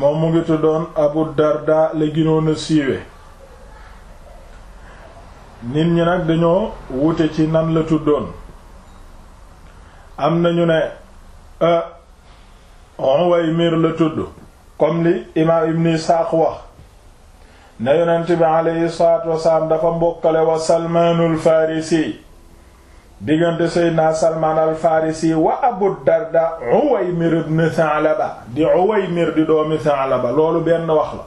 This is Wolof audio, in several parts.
moom mu ngi tuddoon Abu Darda la ginoon a siiwe nit ñi nag dañoo wuti ci nan la tuddoon am nañu ne miir la tudd comme li imaam Ibn Isaaq wax ne yonent bi aleyhi salaatu wasalaam dafa mbokkale wa Salmaanul Farisi diggante seydna salmaan al farisi wa abu darda uwaymir ibn thalaba di uwaymir di doomi thalaba loolu benn wax la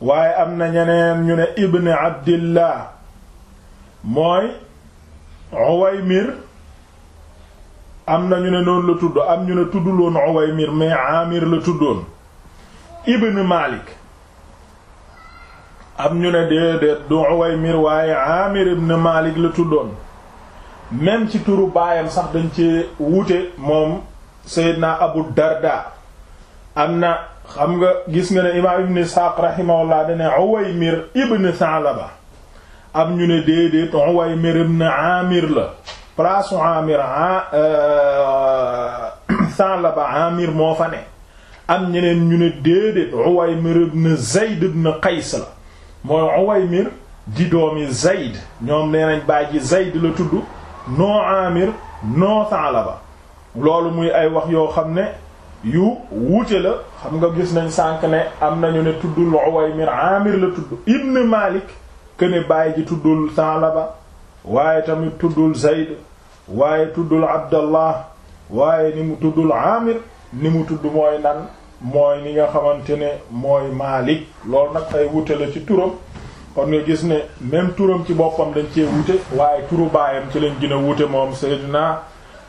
waaye am na ñeneen ñu ne ibn abdillah mooy uwaymir am na ñu ne noonu la tudd am ñu ne tudduloon uwaymir mais amir la tuddoon ibn malik am ñu ne déedéet du uwaymir waaye amir ibn malik la tuddoon même ci turu baayam sax dañ ci wuute moom Seydina Abu Darda am na xam nga gis nga ne imaam Ibn Isxaaq rahimahullah dane Uwaymir ibn Sa'laba am ñu ne déedéet Uwaymir ibn la place Amir euh, Sa'laba Amir moo fa ne ñeneen ñu ne ibn Zayd ibn Qays la mooy Uwaymir di doomi Zayd ñoom nee nañ baay ji Zayd la tudd noo amir noo Saalaba loolu muy ay wax yoo xam ne yu wuute la xam nga gis nañ sànq ne am nañu ne tuddul Uwaymir amir la tudd ibn Malik que ne bàyyi ji tuddul Saalaba waaye tamit tuddul Zayd waaye tuddul Abdallah waaye ni mu tuddul amir ni mu tudd mooy nan mooy ni nga xamante ne mooy Malik loolu nag ay wuute la ci turam kon nga gis ne même turam ci boppam dañ cee wute waaye turu baayam ci leen gën a wute moom Seydina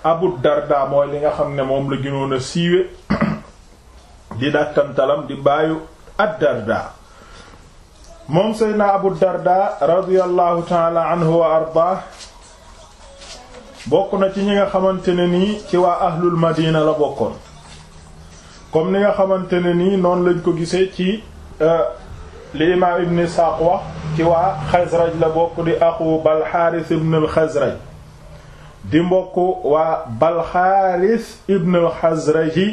Abu Darda mooy li nga xam ne moom la gënoon a siiwe di dàkkantalam di baayu ad-Darda moom Seydina Abu Darda radiyallahu taala anhu wa arda bokk na ci ñi nga xamante ne nii ci waa ahlul madina la bokkoon comme ni nga xamante ne nii noonu lañ ko gise ci euh, li imaam ibn Isaaq wax ci waa Xasraj la bokk di axu Balxaaris ibn al-Xasraj di mbokk waa Balxaaris ibn al-Xasraji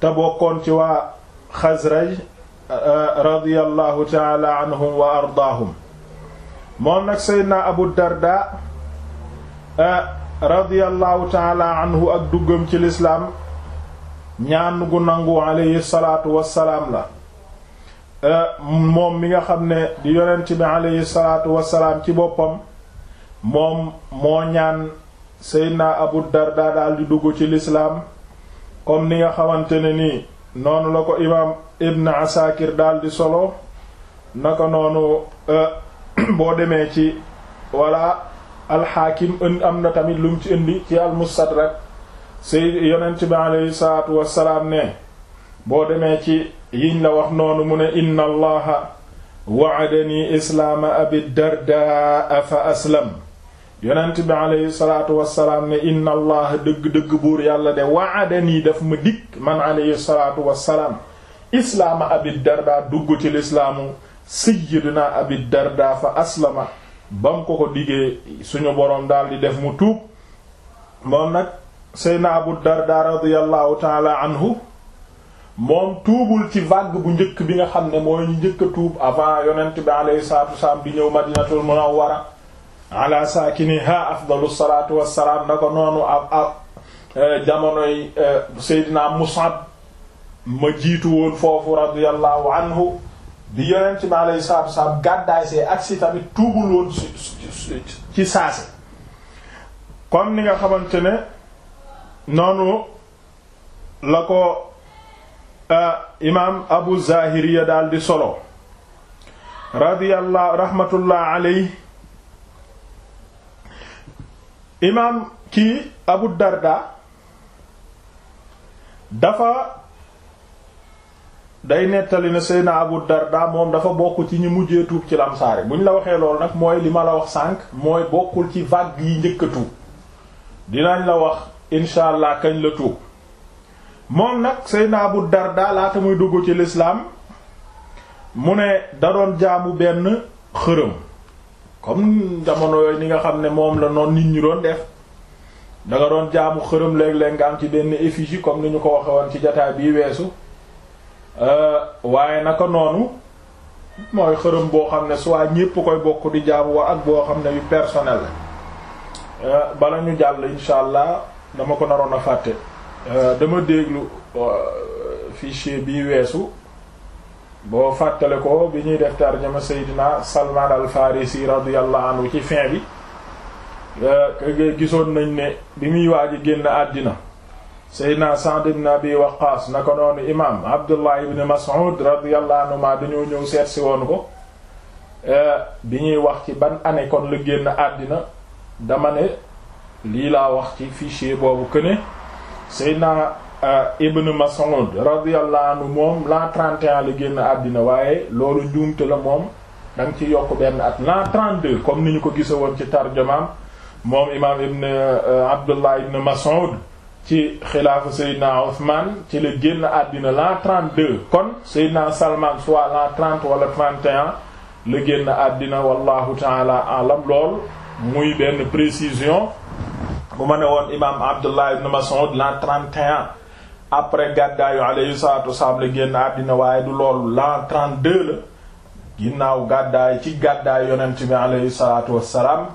te bokkoon ci waa Xasraj uh, radiyallahu taala anhum wa ardaahum moom nag Seydina Abu Darda uh, radiyallahu ak duggam ci lislaam ñaan gu nangu alayhi salaatu wassalaam la Euh, moom mi nga xam ne di yonent bi aleyhi salaatu wasalaam ci boppam moom moo ñaan seydna abu darda daal di dugg ci lislaam comme ni nga xamante ne nii noonu la ko imaam ibn asakir daal di solo naka noonu euh, boo demee ci wala alxaakim ënd am na tamit lu mu ci indi ci almustadrak say yonent bi aleyhi salaatu wasalaam ne boo demee ci yiñ la wax noonu mu ne inna allaha wa'adani islaama abi dardaa fa aslam yonent bi aleyhi salaatu wasalaam ne inna allaha dëgg-dëgg buur yàlla de wa'adani daf ma dikk man aleyhi salaatu wasalaam islaama abi dardaa dugg ci lislaamu sayyidina abi dardaa fa aslama bam ko ko diggee suñu boroom daal di def mu tuub moom nag seyna abu dardaa radiyallahu taala anhu moom tuubul ci vague bu njëkk bi nga xam ne mooy ñu njëkk a tuub avant yonent bi alayhi salatu wasalaam bi ñëw madinatul munawwara ala saakiniha afdalu salatu wasalaam na ko noonu eh, eh, ma jiitu woon foofu radiyallahu anhu bi yonent bi alayhi salatu wasalaam gàddaay see aksi tamit tuubul woon ci saase comme ni nga xamante ne noonu la ko imaam abu zahiriya daal di solo radiyallahu rahmatullah aley imaam kii abu darda dafa day nettali ne Seyna Abu Darda moom dafa bokk ci ñu mujjee tuub ci lamsaare bu ñu la waxee loolu nag mooy li la wax sànq mooy bokkul ci vague yi njëkk a tuub dinañ la wax incha allah kañ la tuub moom nag Seydina bu Darda laata muy dugg ci lislaam mu ne da doon jaamu benn xërëm comme jamono yooyu ni nga xam ne moom la noonu nit ñi doon def da doon jaamu xërëm léeg-léeg nga am ci benn effigie comme ni ñu ko waxe woon ci jataay bii weesu euh, waaye naka noonu mooy xërëm boo xam ne soit ñépp koy bokk di jaamu wa ak boo xam ne yu personnel euh, bala ñu jàll insha allah dama ko naroon a fàtte Euh, dama déglu euh, fichier bii weesu boo fàttale ko bi ñuy def tarjama Seydina Salman al Farisi radiyallahu ci fin bi euh, kë gisoon nañ ne bi muy waaj génn àddina Seydina Sa'd ibn Abi na ko noonu imaam Abdullah ibn Mas'ud radiyallahu anhu ma dañoo ñëw seet si woon ko bi ñuy wax ci ban année kon la génn àddina dama ne lii laa wax ci fichier boobu këne Seydina eh, Ibn Mas'ud radiyallahu anhu moom l'an 31 la génn àddina waaye loolu njuumte la moom da ci yokk benn at l'an 32 comme ni ñu ko gisa woon ci tarjamaam moom imaam Ibn eh, Abdullah Ibn Mas'ud ci xilaafa Seydina Othman ci la génn àddina l'an 32 kon Seydina Salman soit l'an 30 wala 31 la génn àddina wallahu taala alam lool muy benn précision bu ma ne woon imaam Abdullah ibn Mas'ud l'an 31 après gàddaayu alayhi salatu la génn àddina waaye du loolu l'an 32 la ginnaaw gàddaay ci gàddaay yonent bi alayhi salatu wassalam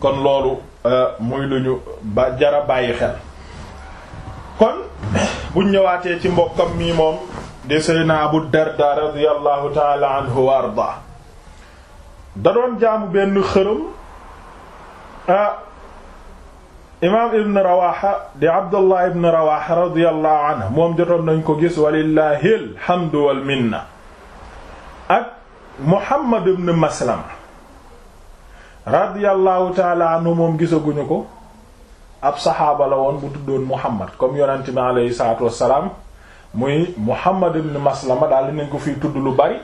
kon loolu euh, muy lu ñu ba jara bàyyi xel kon buñ ñëwaatee ci mbokkam mi moom de Seydina Abu Darda radiyallahu taala anhu wa arda da doon jaamu benn xërëm ah, imaam ibn rawaxa di abdullah ibn rawaxa radiyallahu moom jotoon nañ ko gis walillahi alhamdu wal ak muhammad ibn maslama radiyallahu taala moom gisaguñu ko ab saxaaba la woon bu tuddoon muhammad comme yonente bi aleyhi salaatu wassalaam muy muhammad ibn maslama daal dinañ ko fi tudd lu bari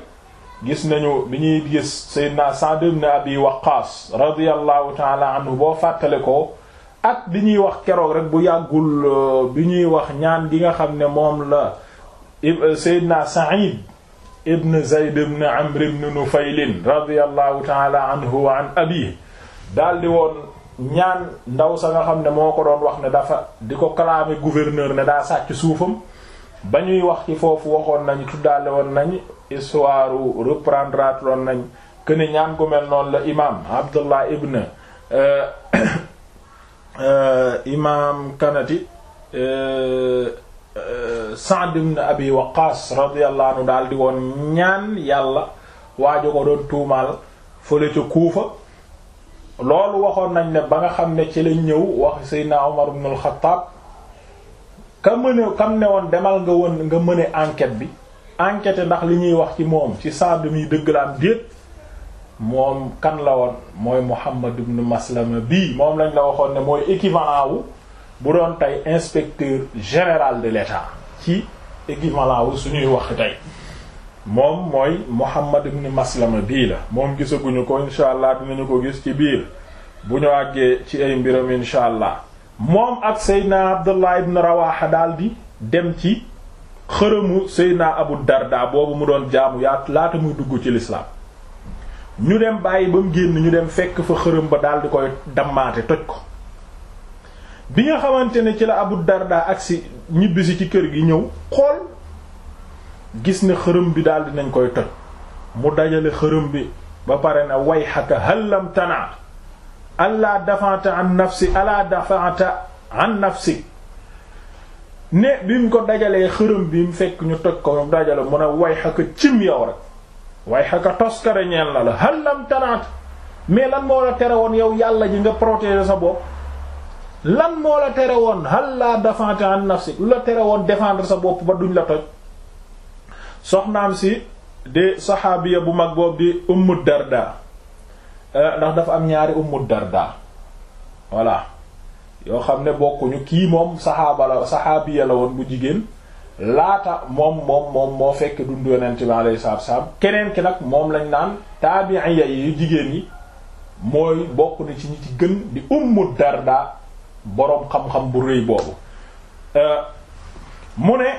gis nañu bi ñuy gis seydina sa'd ibn abi waqqaas radiyallahu taala boo fàttale ko ak bi ñuy wax keroog rek bu yàggul euh, bi ñuy wax ñaan gi nga xam ne moom la euh, Seydina Sa'id ibn Zayd ibn Amr ibn Nufaylin radiyallahu ta'ala anhu wa an abihi daldi woon ñaan ndaw sa nga xam ne moo ko doon wax ne dafa di ko clamer gouverneur ne daa sàcc suufam ba ñuy wax ci foofu waxoon nañ tuddaale woon nañ histoire reprendre loon nañ que ñaan gu noon noonu la imam Abdullah ibn euh, Euh, imaam kanati euh, euh, Sa'd ibn Abi Waqqas radiyallahu daal di woon ñaan yàlla waajo ko doon tuumaal fële ca Kuufa loolu waxoon nañ ne ba nga xam ne ci la ñëw wax Seydina Omar ibn al-Khattab ka mëne kam ne woon demal nga woon nga mëne enquête bi enquête ndax li ñuy wax ci moom ci Sa'd mi dëgg la am déet moom kan la woon mooy Muhammad ibn Maslama bii moom lañ la waxoon ne mooy équivalent wu bu doon tey inspecteur général de l'État ci équivalent suñuy wax tey moom mooy Muhammad ibn Maslama bii la moom gisaguñu ko insha allah dinañu ko gis ci biir bu ñu àggee ci ay mbiram insha allah moom ak Seydina Abdullah ibn Rawaha daal di dem ci xërëmu Seydina Abu dardaa boobu mu doon jaamu yaat laata muy dugg ci l'islam ñu dem bàyyi ba mu génn ñu dem fekk fa xërëm ba daldi di koy dammaate toj ko bi nga xamante ne ci la Abu dardaa agsi ñibbisi ci kër gi ñëw xool gis ni xërëm bi daal dinañ koy toj mu dajale xërëm bi ba pare na way xaka hallam tanaa allah dafanta an nafsi allah an nafsi ne bi mu ko dajalee xërëm bi mu fekk ñu toj ko mu dajale mun a way xaka cim yow rek waaye xaka toskare ñeel na la hal lam tanaat mais lan moo la tere woon yow yàlla ji nga protéger sa bopp lan moo la tere woon hal la défendre an nafsi lu la tere woon défendre sa bopp ba duñ la toj soxnaam si di saxaabiya bu mag boobu di ummu darda eh, ndax dafa am ñaari ummu darda voilà yoo xam ne bokkuñu kii moom saxaaba la saxaabiya la woon bu jigéen laata moom moom moom moo fekk dund yonent bi alayhi keneen ki nag moom lañ naan taabi'iya yu jigéen yi mooy bokk na ci ñi ci gën di ummu darda boroom xam-xam bu rëy boobu euh, mu ne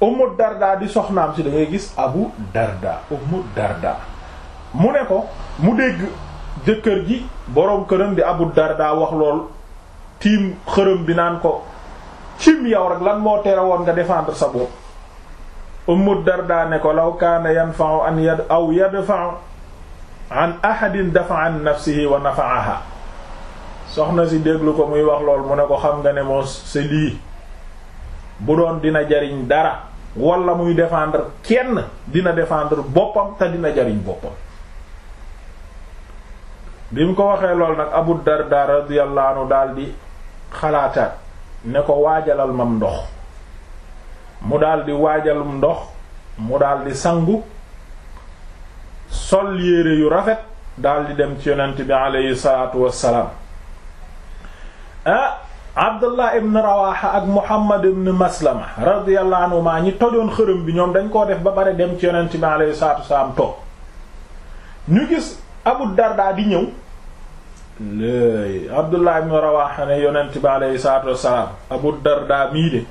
ummu darda di soxnaam si dangay gis abu darda ummu darda mu ne ko mu dégg jëkkër ji boroom këram di abu darda wax lool tiim xërëm bi naan ko cim yow rek lan moo tere woon nga défendre sa bopp Ummu Darda ne ko law kaana yanfa'u an yad aw yadfa'u an ahadin dafa'a an nafsihi wa nafa'aha soxna si déglu ko muy wax lool mu ne ko xam nga ne moo se lii bu doon dina jariñ dara wala muy défendre kenn dina défendre boppam te dina jariñ boppam bi mu ko waxee lool nag Abu Darda radiyallahu anhu daldi xalaataat ne ko waajalal mam ndox mu daldi waajalum ndox mu daldi sangu sol yére yu rafet daldi dem ci yonent bi aleyhi salaatu wassalaam ah abdullah ibn rawaha ak muhammad ibn maslama radiyallahu anhuma ñi tojoon xërëm bi ñoom dañ koo def ba bare dem ci yonent bi aleyhi salaatu wassalaam toog ñu gis abu dardaa di ñëw léegi Abdullah ibn Rawaha ne yonent bi aleyhi salaatu wassalaam Abu Darda mii de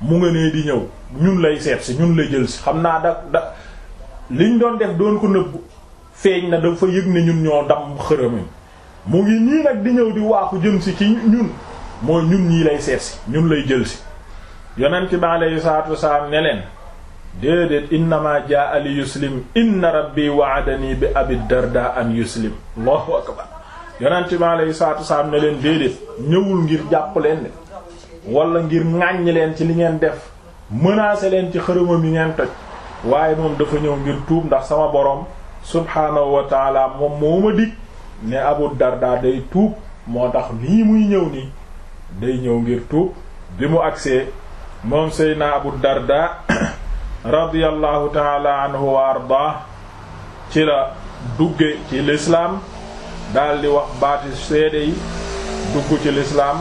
mu nga nee di ñëw ñun lay seet si ñun lay jël si xam naa da da liñ doon def doon ko nëbbu feeñ na dafa yëg ne ñun ñoo dam xërëmam mu ngi nii nag di ñëw di waaxu jëm si ci ñun mooy ñun ñii lay seet si ñun lay jël si yonent bi aleyhi salaatu wassalaam ne leen déedéet innama jaa li yuslim inna rabbi wa'adani bi abi darda an yuslim allahu yonent bi alayhi salaatu leen déedéet ñëwul ngir jàpp leen de wala ngir ŋàññi leen ci li ngeen def menacer leen ci xërëmam yi ngeen toj waaye moom dafa ñëw ngir tuub ndax sama borom subhaanahu wa moom moo ma dig ne Abu Darda day tuub moo tax nii muy ñëw ni day ñëw ngir tuub bi mu agsee moom naa Abu Darda radiyallahu taala anhu wa arda ci la dugge ci lislaam daldi wax baati seede yi dugg ci lislaam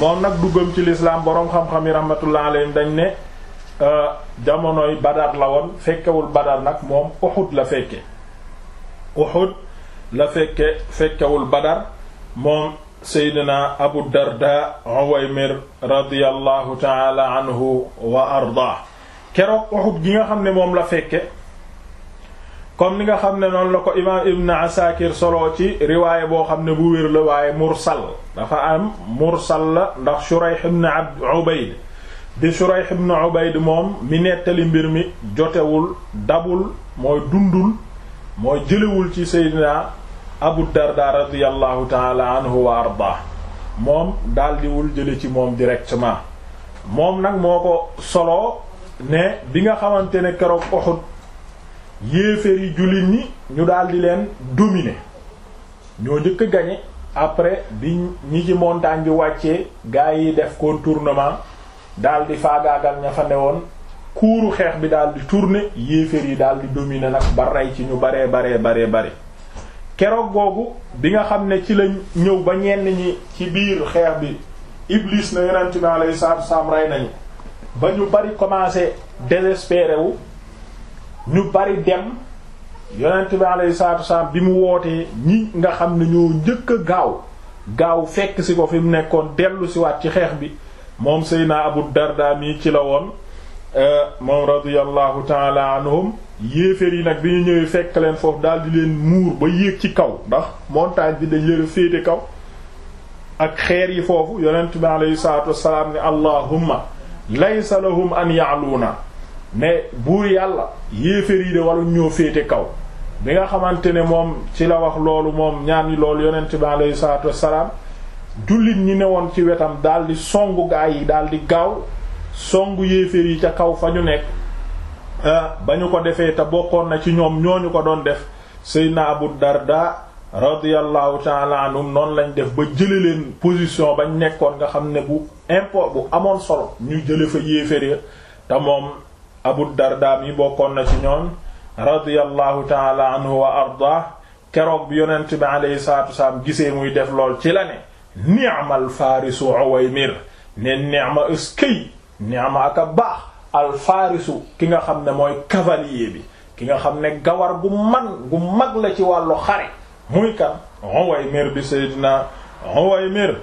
moom nag duggam ci lislaam boroom xam-xam yi rahmatullah alayhim dañ ne euh, jamonoy Badar la woon fekkewul Badar nag moom Uhud la fekke Uhud la fekke fekkewul Badar moom Seydina Abu Darda Uwaymir radiyallahu taala anhu wa arda keroog Uhud gi nga xam ne moom la fekke comme ni nga xam ne noonu la ko imaam Ibn Asakir solo ci riwaay boo xam ne bu wér la waaye mursal dafa am mursal la ndax Shurayh ibn Ubayd di Shurayh ibn Ubayd moom mi nettali mbir mi jotewul dabul mooy dundul mooy jëlewul ci Seydina Abu Darda radiyallahu taala anhu wa arda moom daldiwul jële ci moom directement moom nag moo ko solo ne bi nga xamante ne keroog Uhud yéeféeri jullit ñi ñu daal di leen dominer ñoo njëkk a gañe après bi ñi ci montagne bi wàccee gars yi def contournement daal di faagaagal ña fa woon kuuru xeex bi daal di tourner yéeféer yi daal di dominer nag ba rey ci ñu baree baree baree bare keroog googu bi nga xam ne ci la ñëw ba ñenn ñi ci biir xeex bi Iblis na yonent bi alayhi salaatu wa rey nañu ba ñu bari commencé désespéré ñu bari dem yonent bi alayhi salaatu wasalaam bi mu wootee ñi nga xam ne ñoo njëkk a gaaw gaaw fekk si ko fi mu nekkoon dellu si ci xeex bi moom Seydina Abu Darda mii ci la woon euh, moom radiyallahu taala anhum yéeféer yi nag bi ñu ñëwee fekk leen foofu daal di leen muur ba yéeg ci kaw ndax montagne bi dañ leen féete kaw ak xeer yi foofu yonent bi alayhi salaatu wasalaam ne allahumma laysa lahum an ya'luna ne buur yàlla yéeféer yi de waruñ ñoo féete kaw bi nga xamante ne moom ci la wax loolu moom ñaani loolu yonent bi aleyhi salaatu wassalaam jullit ñi ne woon ci wetam daldi songu gaay yi daldi gaaw songu yéeféer yi ca kaw fa ñu nekk ah, ba ñu ko defee te bokkoon na ci ñoom ñooñu ko doon def sëy Seydina Abu Darda radiyallahu taala anhum noonu lañ def ba jële leen position bañ nekkoon nga xam ne bu import bu amoon solo ñu jële fa yéeféer ya te moom abu darda mi bokkoon na ci ñoom radiyallahu taala anhu wa arda keroog bi yonent bi aleyhi salatu wasalaam gisee muy def lool ci la ne ni'mal faarisu uwaymir ne ni'ma ëskëy ni'ma aka baax al faarisu ki nga xam ne mooy cavalier bi ki nga xam ne gawar gu man gu mag la ci wàllu xare muy kan uwaymir bi sayyidina uwaymir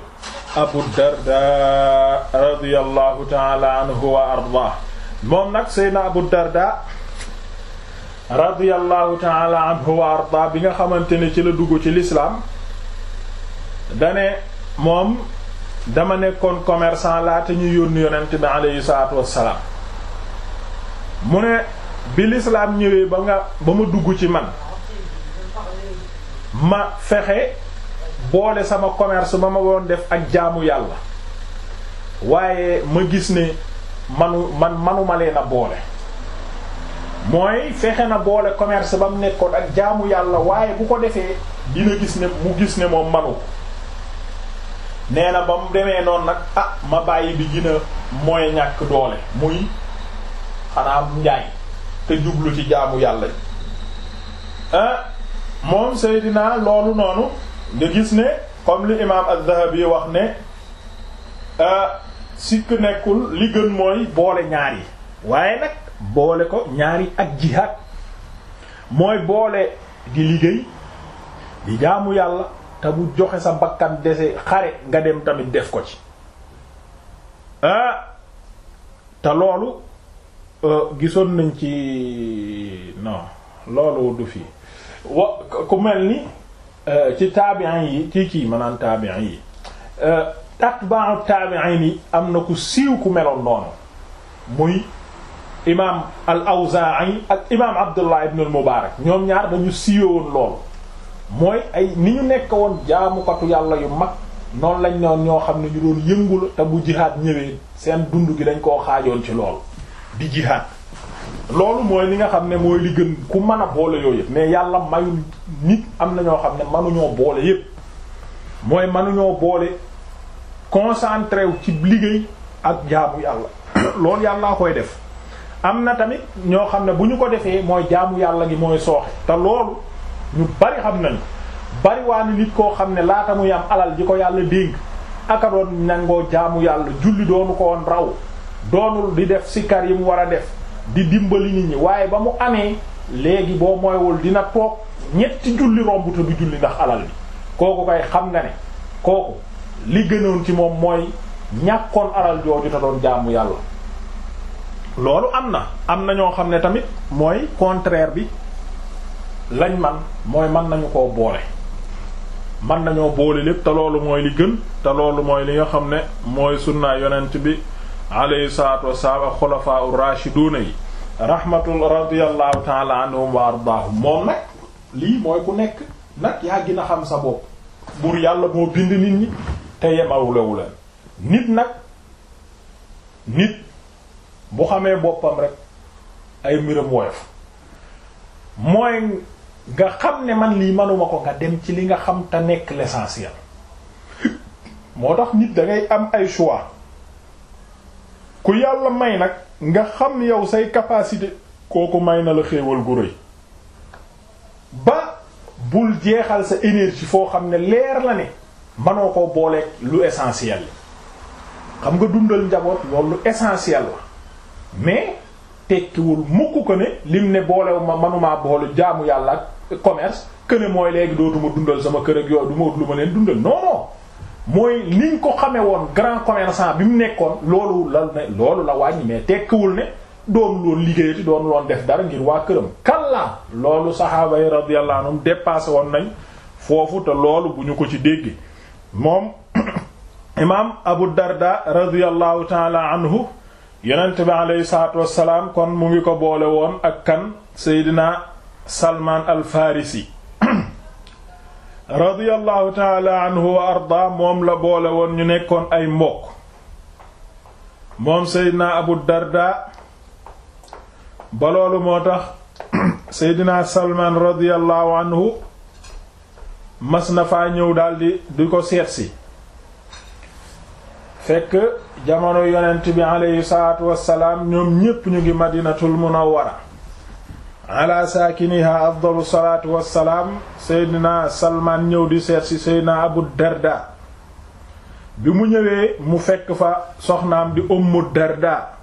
abu darda radiyallahu taala anhu wa arda moom nag naa bu Darda radiyallahu taala anhu wa arda bi nga xamante ne ci la dugg ci lislaam dane moom dama nekkoon commerçant laata ñu yónni yonent bi aleyhi salaatu wassalaam mu ne bi lislaam ñëwee ba ma dugg ci man ma fexe boole sama commerce ba ma woon def ak jaamu yàlla waaye ma gis ne manu man manuma leen a boole mooy fexe na boole commerce ba mu nekkoon ak jaamu yàlla waaye bu ko defee dina gis ne mu gis ne moom manu nee na ba mu demee noonu nag ah ma bàyyi bi gën a mooy ñàkk doole muy xanaa njaay te jublu ci jaamu yàlla ah moom Seydina loolu noonu nga gis ne comme li imaam Az-Zahabi wax ne ah, sikk nekkul li gën mooy boole ñaar yi waaye nag boole ko ñaari yi ak jihaad mooy boole di liggéey di jaamu yàlla te bu joxe sa bakkan dese xare nga dem tamit def ko ci ah, te loolu euh, gisoon nañ ci non loolu du fi wa ku mel ni euh, ci taabi'in yi ci kii maanaam taabi'in yi euh, atba'u taabi'iin yi am na ku siiw ku meloon noonu muy imaam al-Awzaa'i ak imaam Abdullah ibn al-Mubaarak ñoom ñaar dañu siiwoon loolu mooy ay ni ñu nekk woon jaamukatu yàlla yu mag noonu lañ noon ñoo xam ne ñu doon yëngu te bu jihaad ñëwee seen dund gi dañ koo xaajoon ci loolu di jihaad loolu mooy li nga xam ne mooy li gën ku mën a boole yooyu mais yàlla mayul nit am na ñoo xam ne mënuñoo boole yëpp mooy mënuñoo boole concentré wu ci liggéey ak jaamu yàlla loolu yàllaa koy def am na tamit ñoo xam ne bu ñu ko defee mooy jaamu yàlla gi mooy sooxe te loolu ñu bari xam nañu bari waa ni nit koo xam ne laata muy am alal ji ko yàlla dénk aka doon nangoo jaamu yàlla julli doonu ko woon raw doonul di def sikkar yi mu war a def di dimbali nit ñi waaye ba mu amee léegi boo mooywul dina toog ñetti julli romb te du julli ndax alal bi kooku kay xam nga ne kooku li gënoon ci moom mooy ñàkkoon aral jooju te doon jaamu yàlla loolu am na am na ñoo xam ne tamit mooy contraire bi lañ man mooy mën nañu ko boole mën nañoo boole lépp te loolu mooy li gën te loolu mooy li nga xam ne mooy sunnaa yonent bi alayhi salaatu wassalaam ak xulafaa ur-raashiduuna yi rahmatul radiyallahu taala anhum wa moom nag lii mooy ku nekk nag yaa gën a xam sa bopp buur yàlla moo bind nit ñi te yemalewu leen nit nag nit bu xamee boppam rek ay mbiram woyof mooy nga xam ne man lii manuma ko nga dem ci li nga xam te nekk l'essentiel moo tax nit da am ay choix ku yàlla may nag nga xam yow say capacité kooku may na la xéewal gu rëy ba bul jeexal sa énergie foo xam ne leer la ne manoo ko booleeg lu essentiel xam nga dundal njaboot loolu lu essentiel la mais tekkiwul mukk ko ne lim ne boolewu ma manumaa boolu jaamu yàlla ak commerce que ne mooy léegi dootuma dundal sama kër ak yooyu du ma ut lu ma leen dundal non mooy liñ ko xamee woon grand commerçant bi mu nekkoon loolu la loolu la wàññi mais tekkiwul ne doonu loon liggéeyati doon loon def dara ngir waa këram kallaa loolu saxaaba yi radiyallahu anhum dépassé woon nañ foofu te loolu ko ci dégg moom imaam Abu Darda radiyallahu taala anhu yonent bi aleyhi salaatu wassalaam kon mu ngi ko boole woon ak kan Seydina Salmaan al-Farisi radiyallahu taala anhu wa arda moom la boole woon ñu nekkoon ay mbokk moom Seydina Abu Darda ba moo tax Seydina Salmaan radiyallahu anhu mas na faa ñëw daldi di ko seetsi fekk jamono yonent bi aleyhi salaatu wassalaam ñoom ñépp ñu ngi madinatul munawwara ala saakiniha afdalu salaatu wassalaam seydina salmaan ñëw di seetsi seydina abu darda bi mu ñëwee mu fekk fa soxnaam di ummu darda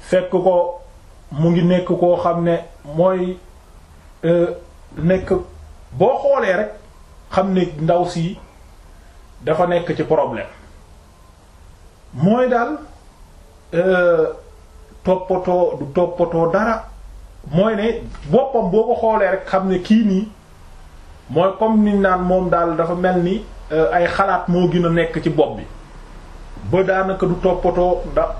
fekk ko mu ngi nekk koo xam ne mooy euh, nekk boo xoolee rek xam ne ndaw sii dafa nekk ci problème mooy daal euh, toppatoo du toppatoo dara mooy ne boppam boo ko xoolee rek xam ne kii nii mooy comme niñ naan moom daal dafa mel ni euh, ay xalaat moo gën a nekk ci bopp bi ba daanaka du toppatoo da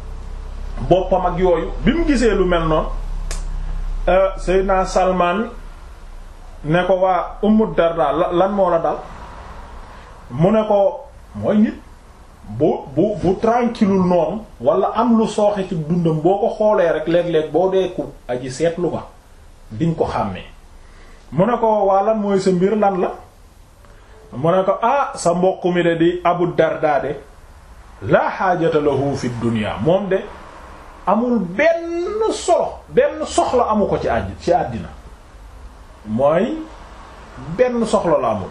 boppam ak yooyu bi mu gisee lu mel noonu euh, Seydina Salman ne ko waa Ummu Darda lan moo la dal mu ne ko mooy nit bu bu bu tranquille noonu wala am lu sooxe ci dundam boo ko xoolee rek léeg-léeg boo deeku aji seetlu ba diñ ko xàmmee mu ne ko waa lan mooy sa mbir lan la mu ne ko ah sa mbokk mi de di Abu Darda de laa xaajata lahu fi moom de amul benn solo benn soxla amu ko ci àj ci àddina mooy benn soxla la amul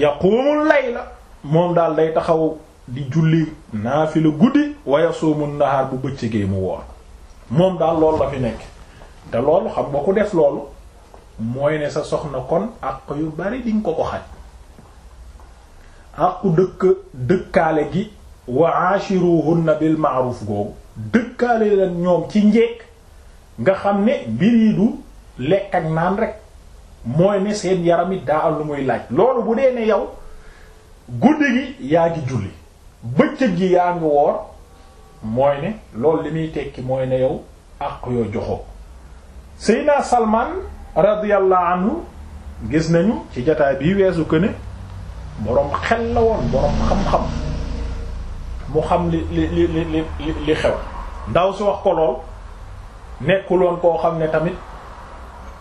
yaqumu layla moom daal day taxaw di julli naafila guddi wa yasuumu nahaar bu bëccëgee mu woor moom daal loolu la fi nekk te loolu xam nga ku def loolu mooy ne sa soxna kon àq yu bari diñ ko ko xaj àqu dëkk dëkkaale gi wa ashiruhunna bil ma'ruf googu dëkkaale la ñoom ci njekk nga xam ne mbir lekk ak naan rek mooy ne seen yaram it daa am lu muy laaj loolu bu dee ne yow guddi gi yaa ngi julli bëccëg gi yaa ngi woor mooy ne loolu li muy tekki mooy ne yow àq yoo joxoo Seydina Salman radiyallahu anhu gis nañu ci jataay bi weesu ko ne boroom xel la woon boroom xam-xam mu xam li li li li li xew ndaw si wax ko lool nekkuloon koo xam ne tamit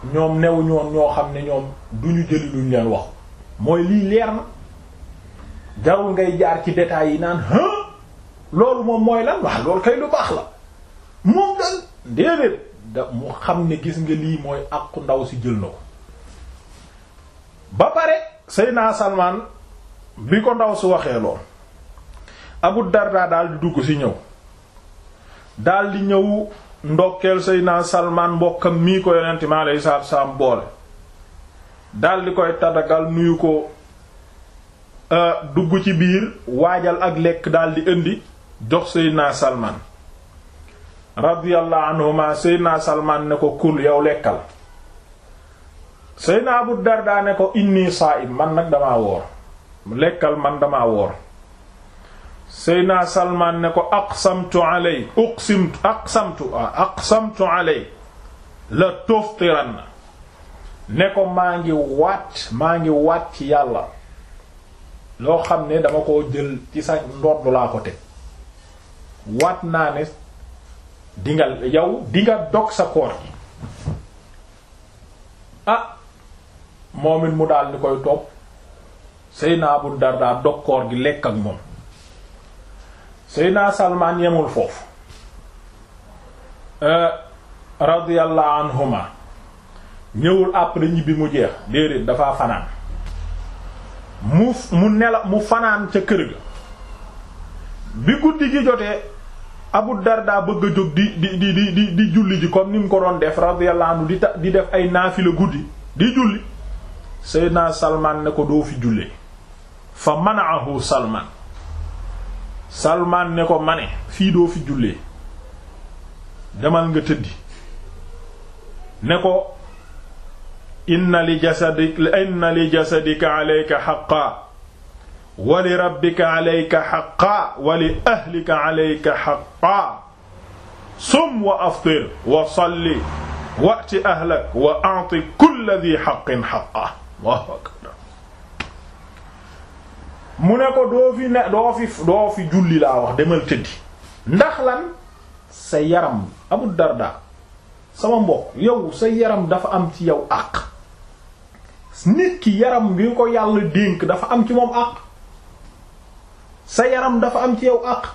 ñoom newuñu woon ñoo xam ne ñoom duñu jëli luñ leen wax mooy lii leer na jarul ngay jaar ci détails yi naan ah loolu moom mooy lan waaw loolu kay lu baax la moom daal déedéet da mu xam ne gis nga lii mooy àqu ndaw si jël na ko ba pare Seydina Salman bi ko ndaw si waxee lool Abu dardaa daal dugg si ñëw daldi ñëw. ndokkeel naa Salmaan mbokkam mii ko yonent mi alayhi salaatu boole daldi koy tatagal nuyu ko euh, dugg ci biir waajal ak lekk daldi indi jox Seydina Salmaan radiyallahu anhuma Seydina Salmaan ne ko kul yow lekkal Seydina Abu Darda ne ko inni saa'im man nag damaa woor lekkal man damaa woor Seydina Salman ne ko aqsamtu alay uqsimtu aqsamtu ah, aqsamtu alay la tuftiranna ne ko maa ngi waat maa ngi waat ci yàlla loo xam ne dama koo jël ci sa ndodd laa ko teg waat naa ne dinga yow dinga dog sa koor gi ah moom it mu daal di koy topp Seydina Abu Darda dog koor gi lekk ak moom Seydina Salmaan yemul foofu euh, radiyallahu anhuma ñëwul après ñibbi mu jeex déedéet dafa fanaan mu mu nela mu fanaan ca kër ga bi guddi gi jotee Abu Darda bëgg a jóg di di di di julli ji comme ni mu ko doon def radiyallahu anhu di def ay naafila guddi di julli Seydina Salmaan ne ko doo fi jullee fa manaahu Salmaan Salman ne ko ma ne fii doo fi jullee demal nga tëddi ne ko inna li jasadika inna li jasadika alayka xaqaa wa li rabbika alayka xaqaa wa li ahlika alayka xaqaa sum wa aftir wa salli wa'ti ahlak wa a'ti kulla dhi haqqin haqqahu mu ne ko doo fi ne doo fi doo fi julli laa wax demal tëddi ndax lan sa yaram Abu Darda sama mbokk yow sa yaram dafa am ci yow àq nit ki yaram bi ko yàlla dénk dafa am ci moom àq sa yaram dafa am ci yow àq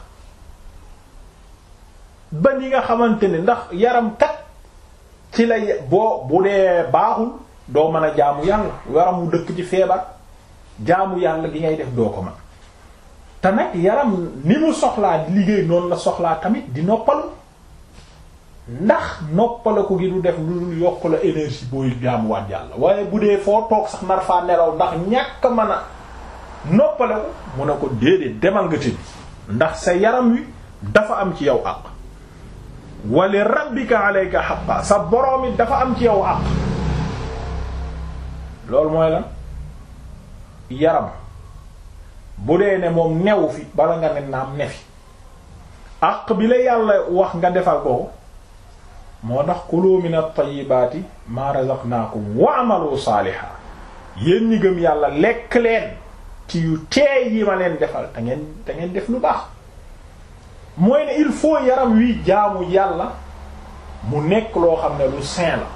ba ni nga xamante ne ndax yaram kat ci la boo bu dee baaxul doo mën a jaamu yàlla yaram mu dëkk ci feebar jaamu yàlla gi ngay def doo ko man te nag yaram ni mu soxlaa liggéey noonu la soxlaa tamit di noppal ndax noppaleku gi du def lu dul yokk la énergie booy jaamuwaat yàlla waaye bu dee foo toog sax nar faa nelaw ndax ñàkk mën a noppaleku mu ne ko déedéet demal nga tëdd ndax sa yaram wi dafa am ci yow àq wali rabbika alayka haqqan sa boroom it dafa am ci yow àq loolu mooy lan yaram bu dee ne moom newu fi bala nga ne naam ne fi àq bi la yàlla wax nga defar ko moo tax kulu na at-tayyibaati ma naa ko amalu saaliha yéen ñi gëm yàlla lekk leen ci yu teey yi ma leen defal te ngeen te ngeen def lu baax mooy ne il faut yaram wi jaamu yàlla mu nekk loo xam ne lu sain la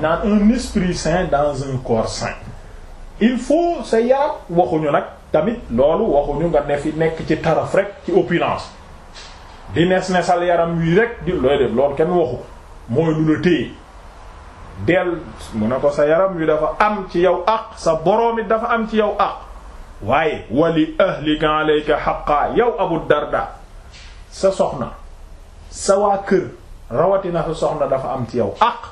naan un esprit sain dans un corps sain il faut sa yaram waxuñu nag tamit loolu waxuñu nga ne fi nekk ci taraf rek ci opulence di nes nesal yaram wi rek di looy loolu kenn waxu mooy lu la téye del mu ne ko sa yaram wi dafa am ci yow aq sa boroom it dafa am ci yow aq waaye wali ahlika alayka xaqaa yow abu darda sa soxna sa waa kër rawatina sa soxna dafa am ci yow aq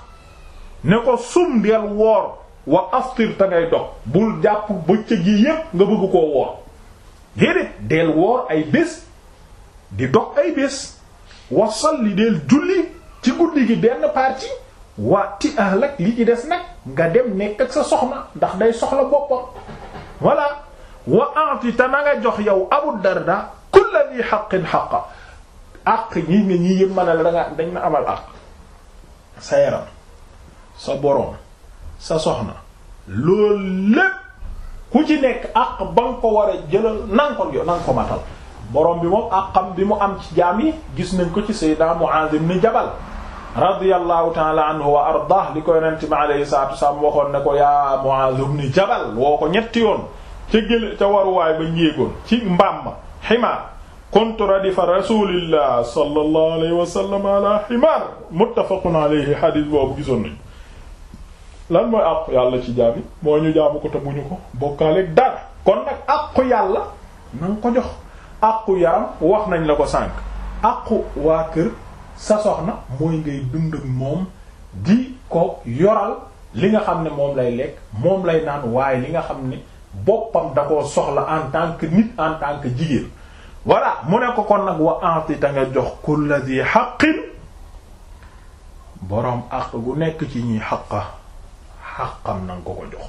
ne ko sum del woor wa aftir te ngay dox bul jàpp bëccëg yi yépp nga bëgg koo woor déedéet deel woor ay bés di dox ay bés wa salli deel julli ci guddi gi benn partie waa ti ahlak li ci des nag nga dem nekk ak sa soxna ndax day soxla boppam voilà wa a'ti te na jox yow Abu Darda kulla di xaqin xaqa àq ñi nga ñi yëpp mën a la danga dañ ma amal àq sa yaram sa boroom sa soxna loolu lépp ku ci nekk ak ba ko war a jëlal na ko jo na ko matal borom bi moom ak xam bi mu am ci jaam gis nañ ko ci Seydina Mu'adh ibn Jabal radiyallahu ta'ala anhu wa ardah li ko yonent bi alayhi salatu ko yaa yoon ca gël ca waruwaay ba njéegoon ci mbaam ma ximaar kuntu radifa rasulillah sallallahu alayhi wa sallam ala ximaar muttafaqun alayhi hadith boobu gisoon nañ lan mooy àqu yàlla ci jaam yi mooy ñu jaamu ko te mu ñu ko bokkaaleeg dara kon nag àqu yàlla na ko jox àqu yaram wax nañ la ko sànq àqu waa kër sa soxna mooy ngay dund moom di ko yoral li nga xam ne moom lay lekk moom lay naan waaye li nga xam ne boppam da koo soxla en tant que nit en tant que jigéen walla mu ne ko kon nag wa anti ta nga jox kulla di xaqin borom àq bu nekk ci ñi xaqa xaqam na nga ko ko jox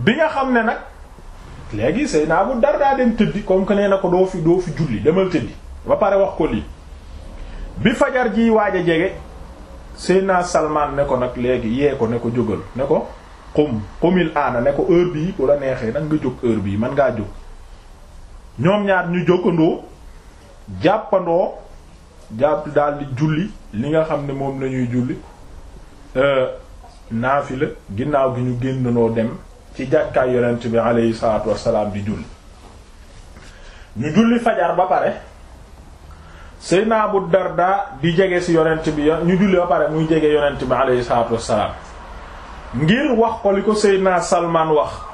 bi nga xam ne nag léegi say naa bu dar daa dem tëddi comme que nee na ko doo fi doo fi julli demal tëddi ba pare wax ko lii bi fajar ji waaj a jege Seydina Salman ne ko nag léegi yee ko ne ko jógal ne ko xum xumil aana ne ko heure bii bu la neexee nag nga jóg heure bii man ngaa jóg ñoom ñaar ñu jógandoo jàppandoo jàpp daal julli li nga xam ne moom la ñuy julli euh, naafila ginnaaw gi ñu génnanoo dem ci jàkkaay yonent bi aleyhi salaatu wassalaam di julli ñu julli fajar ba pare Seydina Abu Darda di jege ci yonent bi ñu julli ba pare muy jege yonent bi aleyhi salaatu wassalaam ngir wax ko li ko Seydina Salman wax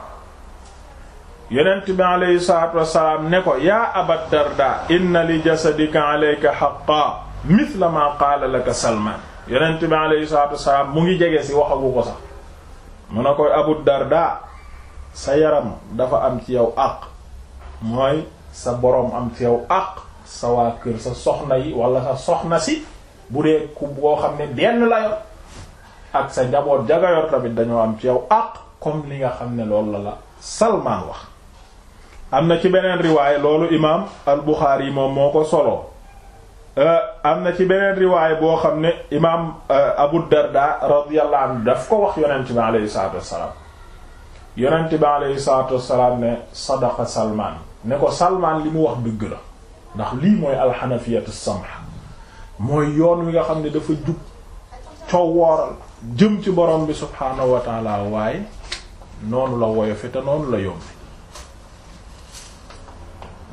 yonent bi aleyhi salaatu wasalaam ne ko yaa abat darda inna li jasadika aleyka xaqa mithla ma qaala laka salman yonent bi aleyhi salaatu mu ngi jege si waxagu ko sax mu ne koy abu dardaa sa yaram dafa am ci yow àq mooy sa boroom am ci yow àq sa waa kër sa soxna yi wala sa soxna si bu dee ku boo xam ne benn la yor ak sa njaboot jaga yor dañoo am ci yow àq comme li nga xam ne loolu la la salman wax am na ci beneen riwaay loolu imaam al-Buxaari yi moom moo ko solo eh, am na ci beneen riwaay boo xam ne imaam eh, Abu Darda radiyallahu daf ko wax yonent bi aleyhi salaatu wassalaam yonent bi aleyhi salaatu wassalaam ne sadaqa Salmaan ne ko Salmaan li mu wax dëgg la ndax lii mooy alxanafiyatu samha mooy yoon wi nga xam ne dafa jub coow jëm ci borom bi subhaanahu wa taala waaye noonu la woyofe te noonu la yombe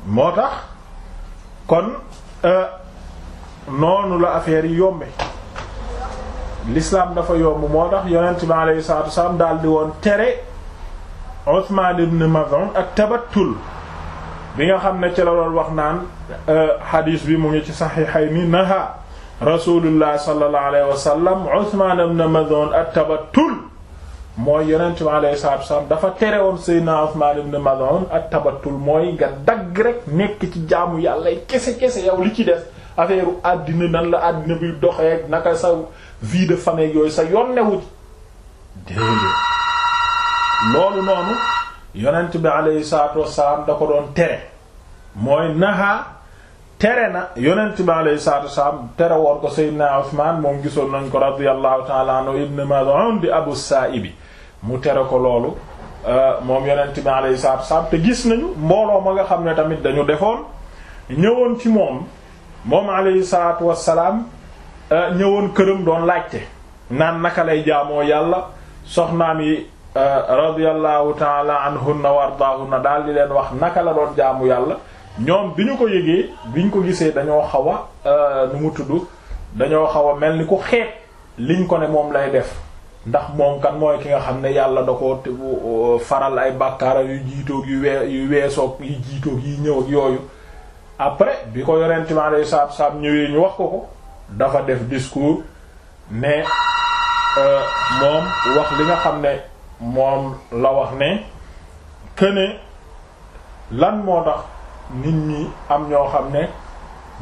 moo tax kon euh, noonu la affaire yi yombe l'islam dafa yomb moo tax yonent alayhi salaatu wasallam daal di woon tere Uthman ibn Maz'un ak tabattul bi nga xam ne ci la doon wax naan euh, hadis bi mu ngi ci sahihayni naha rasulullah sallallahu alayhi wa sallam Uthman ibn Maz'un tabattul mooy yonent mi alayhi salaatu wasalaam dafa tere woon Seydina Usmaan ibn Maz'un ak tabattul mooy nga dagg rek nekk ci jàmm yàlla kese kese yow li ci des affaire àddina nan la àddina bi doxee naka sa vie de famille yooyu sa yoon newu ci loolu noonu yonent bi alayhi da ko doon tere mooy naha tere na yonent bi alayhi salaatu wasalaam tere woon ko Seydina Usmaan moom gisoon nañ ko radiyallahu ta'ala anhu ibn Maz'un di Abu Sa'ibi mu tere ko loolu euh, moom yonent bi alayhi salaatu salaam te gis nañu mbooloo ma nga xam ne tamit dañu defoon ñëwoon ci moom moom alayhi salaatu wassalaam euh, ñëwoon këram doon laajte naan naka lay jaamoo yàlla soxnaam yi euh, radiyallahu taala anhunna wa ardaahunna daal di leen wax naka la doon jaamu yàlla ñoom bi ñu ko yëgee bi ñu ko gisee dañoo xaw a nu mu tudd dañoo xaw a mel ni ku xeet liñ ko ne moom lay def ndax moom kan mooy ki nga xam ne yàlla da ko te uh, faral ay bàkkaara yu jiitoog yu wee yu weesoog yu jiitoog yi ñëw ak yooyu après bi ko yorentement day saab saab ñëwee ñu wax ko ko dafa def discours ne euh, moom wax li nga xam ne moom la wax ne que ne lan moo tax nit ñi am ñoo xam ne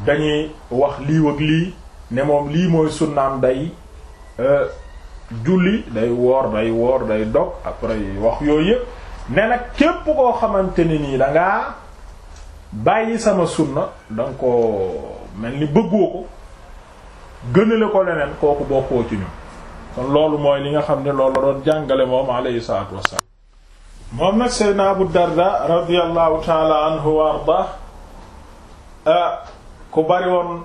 dañuy wax lii lii ne moom lii mooy sunnaam day euh, julli day woor day woor day dog après wax yooyu yëpp ne nag képp koo xamante ne nii dangaa bàyyi sama sunna da ko mel ni bëggoo ko gënale ko leneen kooku bokkoo ci ñun kon loolu mooy li nga xam ne loolu la doon jàngale moom alayhi salaatu wassalaam moom nag seydna Abu Darda radiyallahu taala anhu wa arda ah, ku bari woon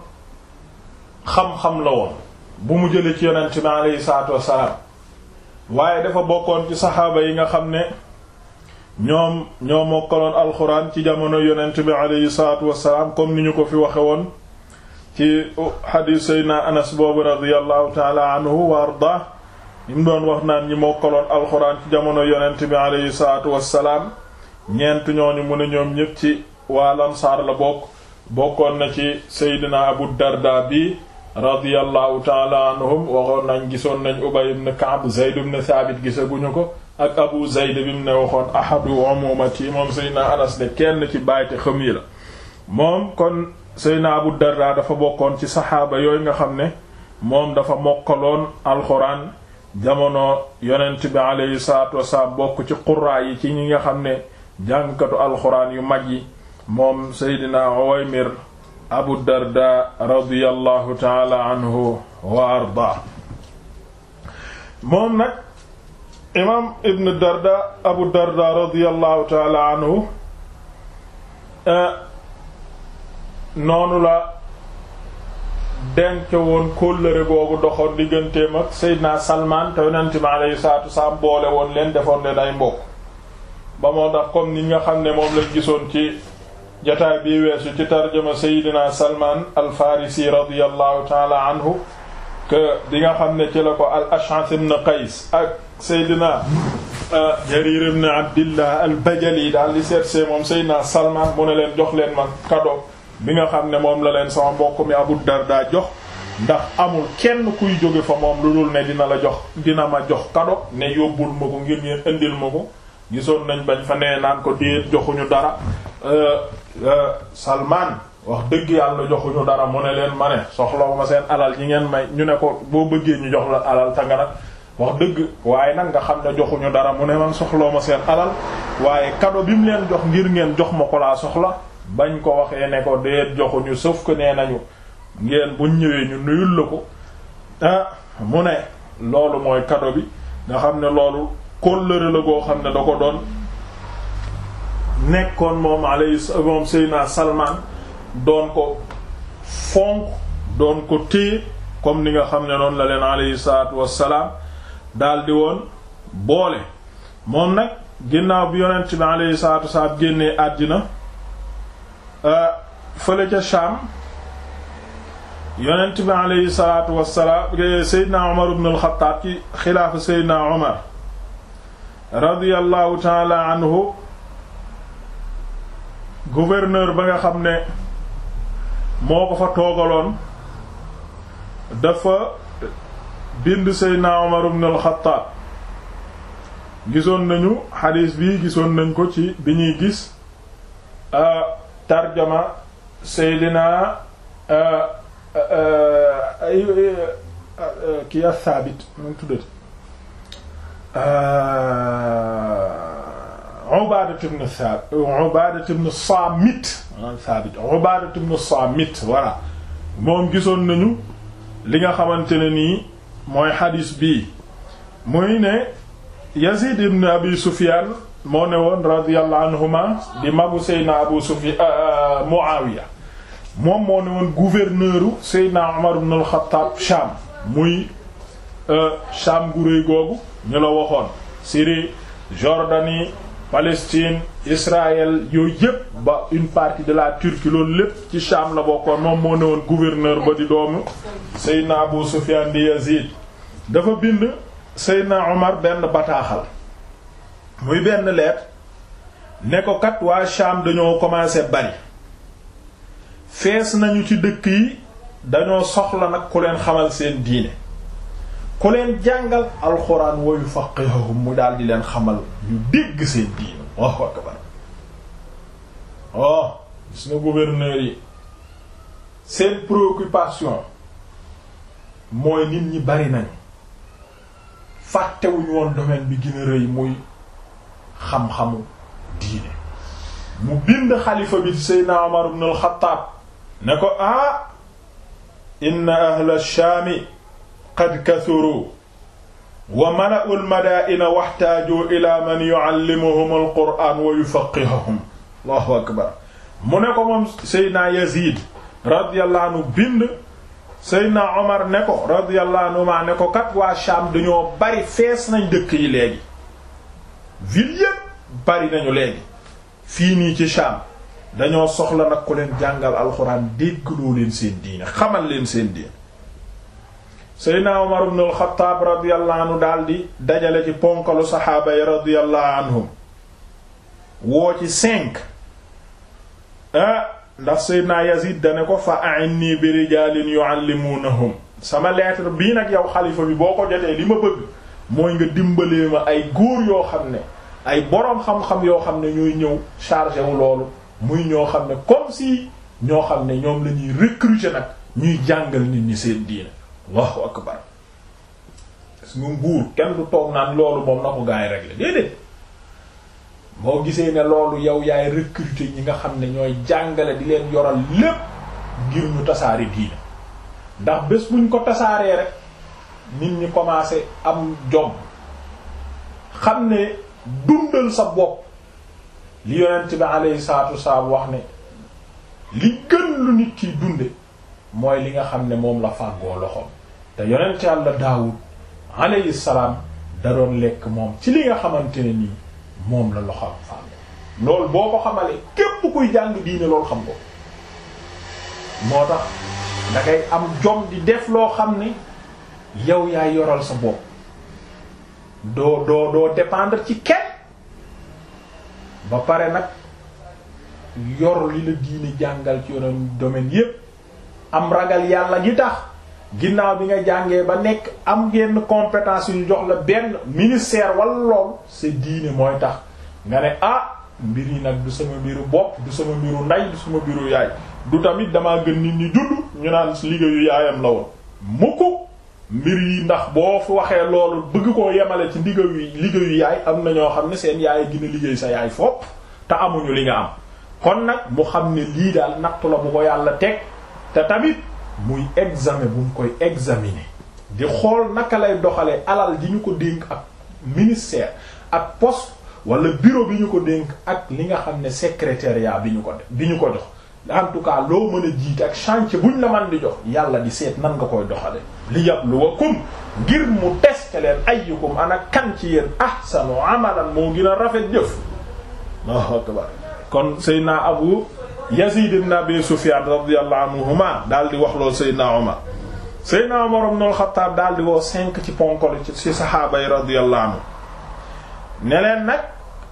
xam-xam la woon bu mu jële ci yonent bi aleyhi salaatu wassalaam waaye dafa bokkoon ci saxaaba yi nga xam ne ñoom ñoo mokkaloon alxuraan ci jamono yonent bi aleyhi salaatu wassalaam comme ni ñu ko fi waxe woon ci xadiis seydna anas boobu radiallahu taala anhu wa arda ñi doon wax naan ñi mokkaloon alxuraan ci jamono yonent bi aleyhi salaatu wassalaam ñoo ñooñu mu ne ñoom ñépp ci waa lansaar la bokk bokkoon na ci seydna abu darda bi radiyallahu taala anhum waxoon nañ gisoon nañ Ubay ibn Ka'b Zayd ibn Thabit gisaguñu ko ak Abu Zayd bi mu ne waxoon ahadu ci moom Seydina Anas de kenn ci bàyyte xam yi la moom kon Seydina Abu Darda dafa bokkoon ci saxaaba yooyu nga xam ne moom dafa mokkaloon alxuraan jamono yonent bi aleyhi salaatu wasalaam bokk ci quraa yi ci ñi nga xam ne jàngkatu alxuraan yu mag yi moom Seydina Uwaymir abu darda radiyallahu taala anhu wa arda moom nag imaam ibn darda abu darda radiyallahu taala anhu eh, noonu la denc woon kóllëre boobu doxoon digganteem ak Seydina Salman te yonente mi aleyhi salaatu salaam boole woon leen defoon leen ay mbokk ba moo tax comme ni nga xam ne moom lañ gisoon ci jataay bii weesu ci tarjuma seydina salman alfarisi radiallahu taala anhu que di nga xam ne ci la ko al ash'ath ibn qays ak seydina euh, jarir ibn abdillah al bajali daal di seetsee moom seydina salman mu ne leen jox leen ma kado bi nga xam ne moom la leen sama mbokk mi abu darda jox ndax amul kenn kuy jóge fa moom lu dul ne dina la jox dina ma jox kado ne yóbbul ma ko ngir indil ma gisoon nañ bañ fa nee naan ko déet joxuñu dara euh, euh, Salman wax dëgg yàlla joxuñu dara mu ne leen ma ne soxlawu ma seen alal yi ngeen may ñu ne ko boo bëggee ñu jox la alal ta nga nag wax dëgg waaye nag nga xam ne joxuñu dara mu ne man soxlawu ma seen alal waaye kado bi mu leen jox ngir ngeen jox ma ko laa soxla bañ ko waxee ne ko déet joxuñu sauf ko ne nañu ngeen buñ ñëwee ñu nuyul la ko ah mu ne loolu mooy kado bi nga xam ne loolu kóllëre la goo xam ne da ko doon nekkoon moom alay moom Seydina Salman doon ko fonk doon ko téye comme ni nga xam ne noonu la leen alayhi salaatu wassalaam daldi woon boole moom nag ginnaaw bi yonent bi alayhi salaatu wassalaam génnee àddina euh, fële ca Sham yonent bi alayhi salaatu wassalaam Seydina Umar ibn al ci xilaafa Seydina Umar radiyallahu taala anhu gouverneur ba nga xam ne moo ko fa toogaloon dafa bind Seydina Omar ibn al gisoon nañu xadiis bi gisoon nañ ko ci bi ñuy gis euh, tarjama Seydina ki a Thabit mu Euh, Ubaada ibn Saabit euh, Ubaada ibn Saamit Saabit Ubaada ibn Saamit voilà moom gisoon nañu li nga xamante ne nii mooy xadiis bii muy ne Yazid ibn Abi Sufyaan moo ne woon radiyallahu anhuma di magu Seydina Abu Sufyaan euh, Muawiya moom moo ne woon gouverneuru Seydina Umar ibn al-Khattab Sham muy Sham euh, gu googu ñu la waxoon Syrie Jordanie Palestine Israël yooyu yépp ba une partie de la Turquie loolu lépp ci Sham la bokkoon moom moo ne woon gouverneur ba di doomu Seydina Abu Sufyan di Yazid dafa bind Seydina Omar benn bataaxal muy benn lettre ne ko kat waa Sham dañoo commencé bari fees nañu ci dëkk yi dañoo soxla nag ku leen xamal seen diine ku leen jàngal alxuraan wa yufaqihahum mu daal di leen xamal ñu dégg seen diin Allahu akbar oh gis na gouverneur yi seen préoccupation mooy nit ñi bari nañu fàttewuñu woon domaine bi gën a rëy muy xam-xamu diine mu bind xalifa bi Seydina Omar ibn al-Khattab ko ah inna ahla Shami qad kasuru wa mala'ul madaa'ina waxtaaju ila man yu'allimuhum al-qur'aan wa yufaqihuhum allahu akbar mu ne ko moom seydna Yazid radiyallahu anhu bind seydna Omar ne ko radiyallahu anhu ma ne ko kat waa Sham dañoo bari fees nañ dëkk yi léegi ville bari nañu léegi fii nii ci Sham dañoo soxla nag ku leen jàngal alxuraan déggloo leen seen diine xamal leen seen diine Seydina Omar ibn al-Khattab radiyallahu anhu daldi dajale ci ponkalu saxaaba yi radiyallahu anhum woo ci cinq ah ndax Seydina Yazid dane ko fa a'inni bi rijalin yu'allimunahum sama lettre bii nag yow xalifa bi boo ko jotee li ma bëgg mooy nga dimbalee ma ay góor yoo xam ne ay boroom xam-xam yoo xam ne ñooy ñëw chargé wu loolu muy ñoo xam ne comme si ñoo xam ne ñoom lañuy ñuy recruter nag ñuy jàngal nit ñi seen diina Allahu akbar gis nga kenn du toog naan loolu moom na ko gaa yi régler déedéet boo gisee ne loolu yow yaay recruter ñi nga xam ne ñooy jàngale di leen yoral lépp ngir ñu tasaare diine ndax bés buñ ko tasaaree rek nit ñi commencé am jom xam ne dundal sa bopp li yonent bi alayhi salaatu wasalaam wax ne li gën lu nit kiy dunde mooy li nga xam ne moom la fàggoo loxoom te yonent yàlla daawud alayhi salaam da doon lekk moom ci li nga xamante ne nii moom la loxo am fàll loolu boo ko xamalee képp kuy jàng diine loolu xam ko moo tax da am jom di def loo xam ni yow yaay yoral sa bopp doo doo doo dépendre ci kenn ba pare nag yor li la diine jàngal ci yonen domaine yépp am ragal yàlla gi dax ginnaaw bi nga jàngee ba nekk am genn compétence yu jox la benn ministère wala lool sa diine mooy tax nga ne ah mbir yi nag du sama mbiru bopp du sama mbiru ndey du sama mbiru yaay du tamit dama gën nit ñi judd ñu naan liggéeyu yaayam la woon mukk mbir yi ndax boo fi waxee loolu bëgg koo yemale ci liggéeyu liggéeyu yaay am na ñoo xam ne seen yaay gin a liggéey sa yaay fopp te amuñu li nga am kon nag mu xam ne lii daal nattu la bu ko yàlla teg te tamit muy examen bu mu koy examiner di xool naka lay doxalee alal di ñu ko dénk ak ministère ak poste wala bureau bi ñu ko dénk ak li nga xam ne secrétariat bi ñu ko bi ñu ko jox en tout cas loo mën a jiite ak chantier buñ la man di jox yàlla di seet nan nga koy doxale li yabluwakum ngir mu teste leen ayyukum ana kan ci yéen ahsanu amalan moo gën a rafet jëf Allahu akbar kon Abu Yazid ibn Abi Sufyan radiyallahu anhuma daal di wax loolu Seydina Omar Seydina Omar ibn al-Khattab daal di woo cinq ci ponkol ci saxaaba yi radiyallahu anhu nag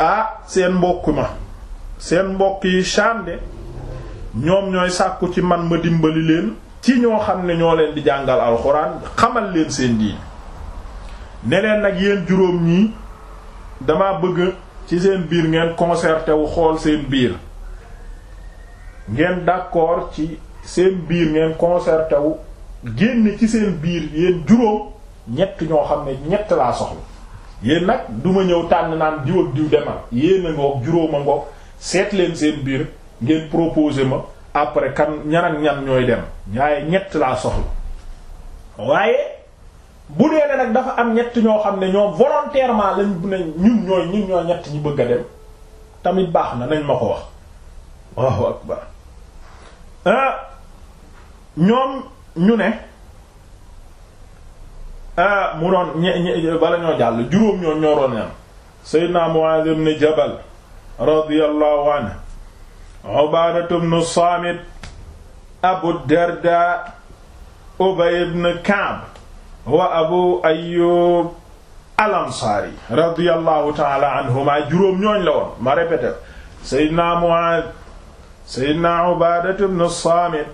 ah seen mbokk ma seen mbokk yi Shaam ñoom ñooy sàkku ci man ma dimbali leen ci ñoo xam ne ñoo leen di jàngal alxuraan xamal leen seen diin ne nag yéen juróom ñii dama bëgg ci seen biir ngeen concerté wu xool seen biir ngeen d'accord ci seen biir ngeen concerté wu génne ci seen biir yéen juróom ñett ñoo xam ne ñett laa soxla yéen nag duma ñëw tànn naan diw ak diw demal yéen a ngoog juróom a ngoog seet leen seen biir ngeen proposé ma après kan ñan ñan ñooy dem ñaay ñett laa soxla waaye bu dee ne dafa am ñett ñoo xam ne ñoom volontairement lañ bu ne ñun ñooy ñun ñoo ñett ñi bëgg a dem tamit baax na nañ ma ko wax Euh, ñoom ñu ne euh, mu doon ñe bala ñoo jàll juróom ñoom ñoo doon ñam Seydina Mu'adh ibn Jabal radiyallahu anhu Ubaada ibn Saamit Abu Darda Ubay ibn Ka'b wa Abu Ayyub al-Ansari radiyallahu ta'ala anhuma juróom ñooñ la woon ma répété Seydina Mu'adh seydna ubaadatu bnu saamit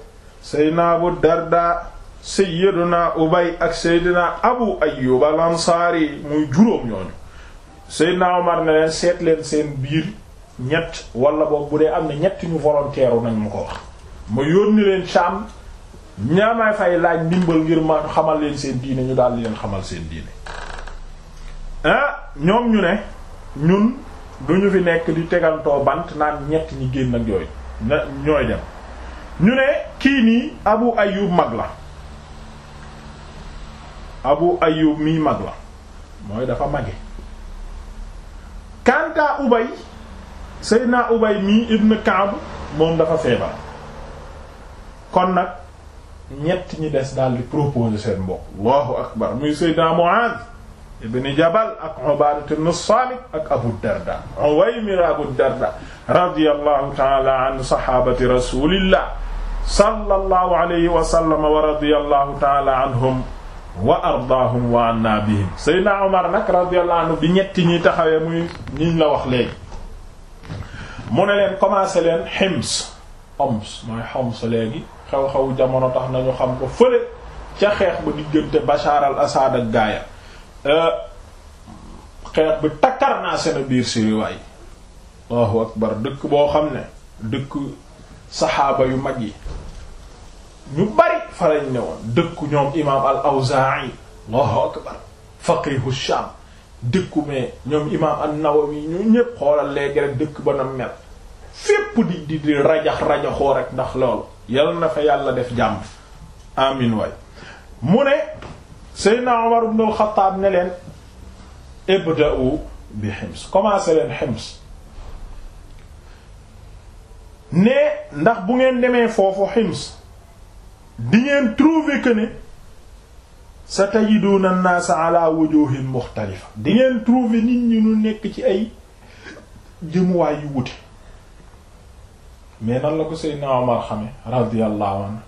seydna abu darda seydna ubay ak seydna abu ayyub al muy juróom ñooñu seydna omar ne leen seet leen seen biir ñett wala boobu dee am na ñett ñu volontaire nañ ma ko wax ma yónni leen ñaa ñaamaay fay laaj ndimbal ngir ma xamal leen seen diine ñu daal leen xamal seen diine ah ñoom ñu ne ñun ñu fi nekk di tegantoo bant naan ñett ñi génn ak yooyu na ñooy dem ñu ne kii nii abu ayub mag la abu ayub mii mag la mooy dafa mage kanta ubay seydna ubay mii ibn Ka'b moom dafa feebar kon nag ñett ñi des daal di proposer seen mbokk allahu akbar muy seydna Mu'adh ibn Jabal ak Ubaadatu ibn Saamit ak Abu Darda Uwaymir Abu Darda radiyallahu ta'ala an sahabati rasulillah sallallahu alayhi wa sallam wa radiyallahu ta'ala anhum wa ardaahum wa anna bihim Seydina Omar nag radiyallahu anhu bi ñetti ñi taxawee muy niñ la wax léegi mu ne leen commencé leen Hims Homs mooy Homs léegi xew-xew jamono tax nañu xam ko fële ca xeex ba diggante Bashar al-Assad ak gaaya Euh, xeex bi takkar naa seen biir siriwaay Allahu akbar dëkk boo xam ne dëkk saxaaba yu mag yi ñu bari fa lañ ne woon dëkk ñoom imaam al-Awzaa'i Allahu akbar faqihu Shaam dëkku mais ñoom imaam an-Nawawi ñu ñépp xoolal léegi rek dëkk ba na mel fépp di di di rajax rajaxoo rek ndax loolu yal na fa yàlla def jàmm amin waay mu ne Seydina Umar ibn al-Khattab ne leen ibda'u bi Hims commencé leen Hims ne ndax bu ngeen demee foofu Hims di ngeen trouver que ne satajiduna an-nas ala wujuhin mukhtalifa di ngeen trouver nit ñi ñu nekk ci ay jëmuwaay yu wute mais nan la ko Seydina Umar xame radiyallahu anhu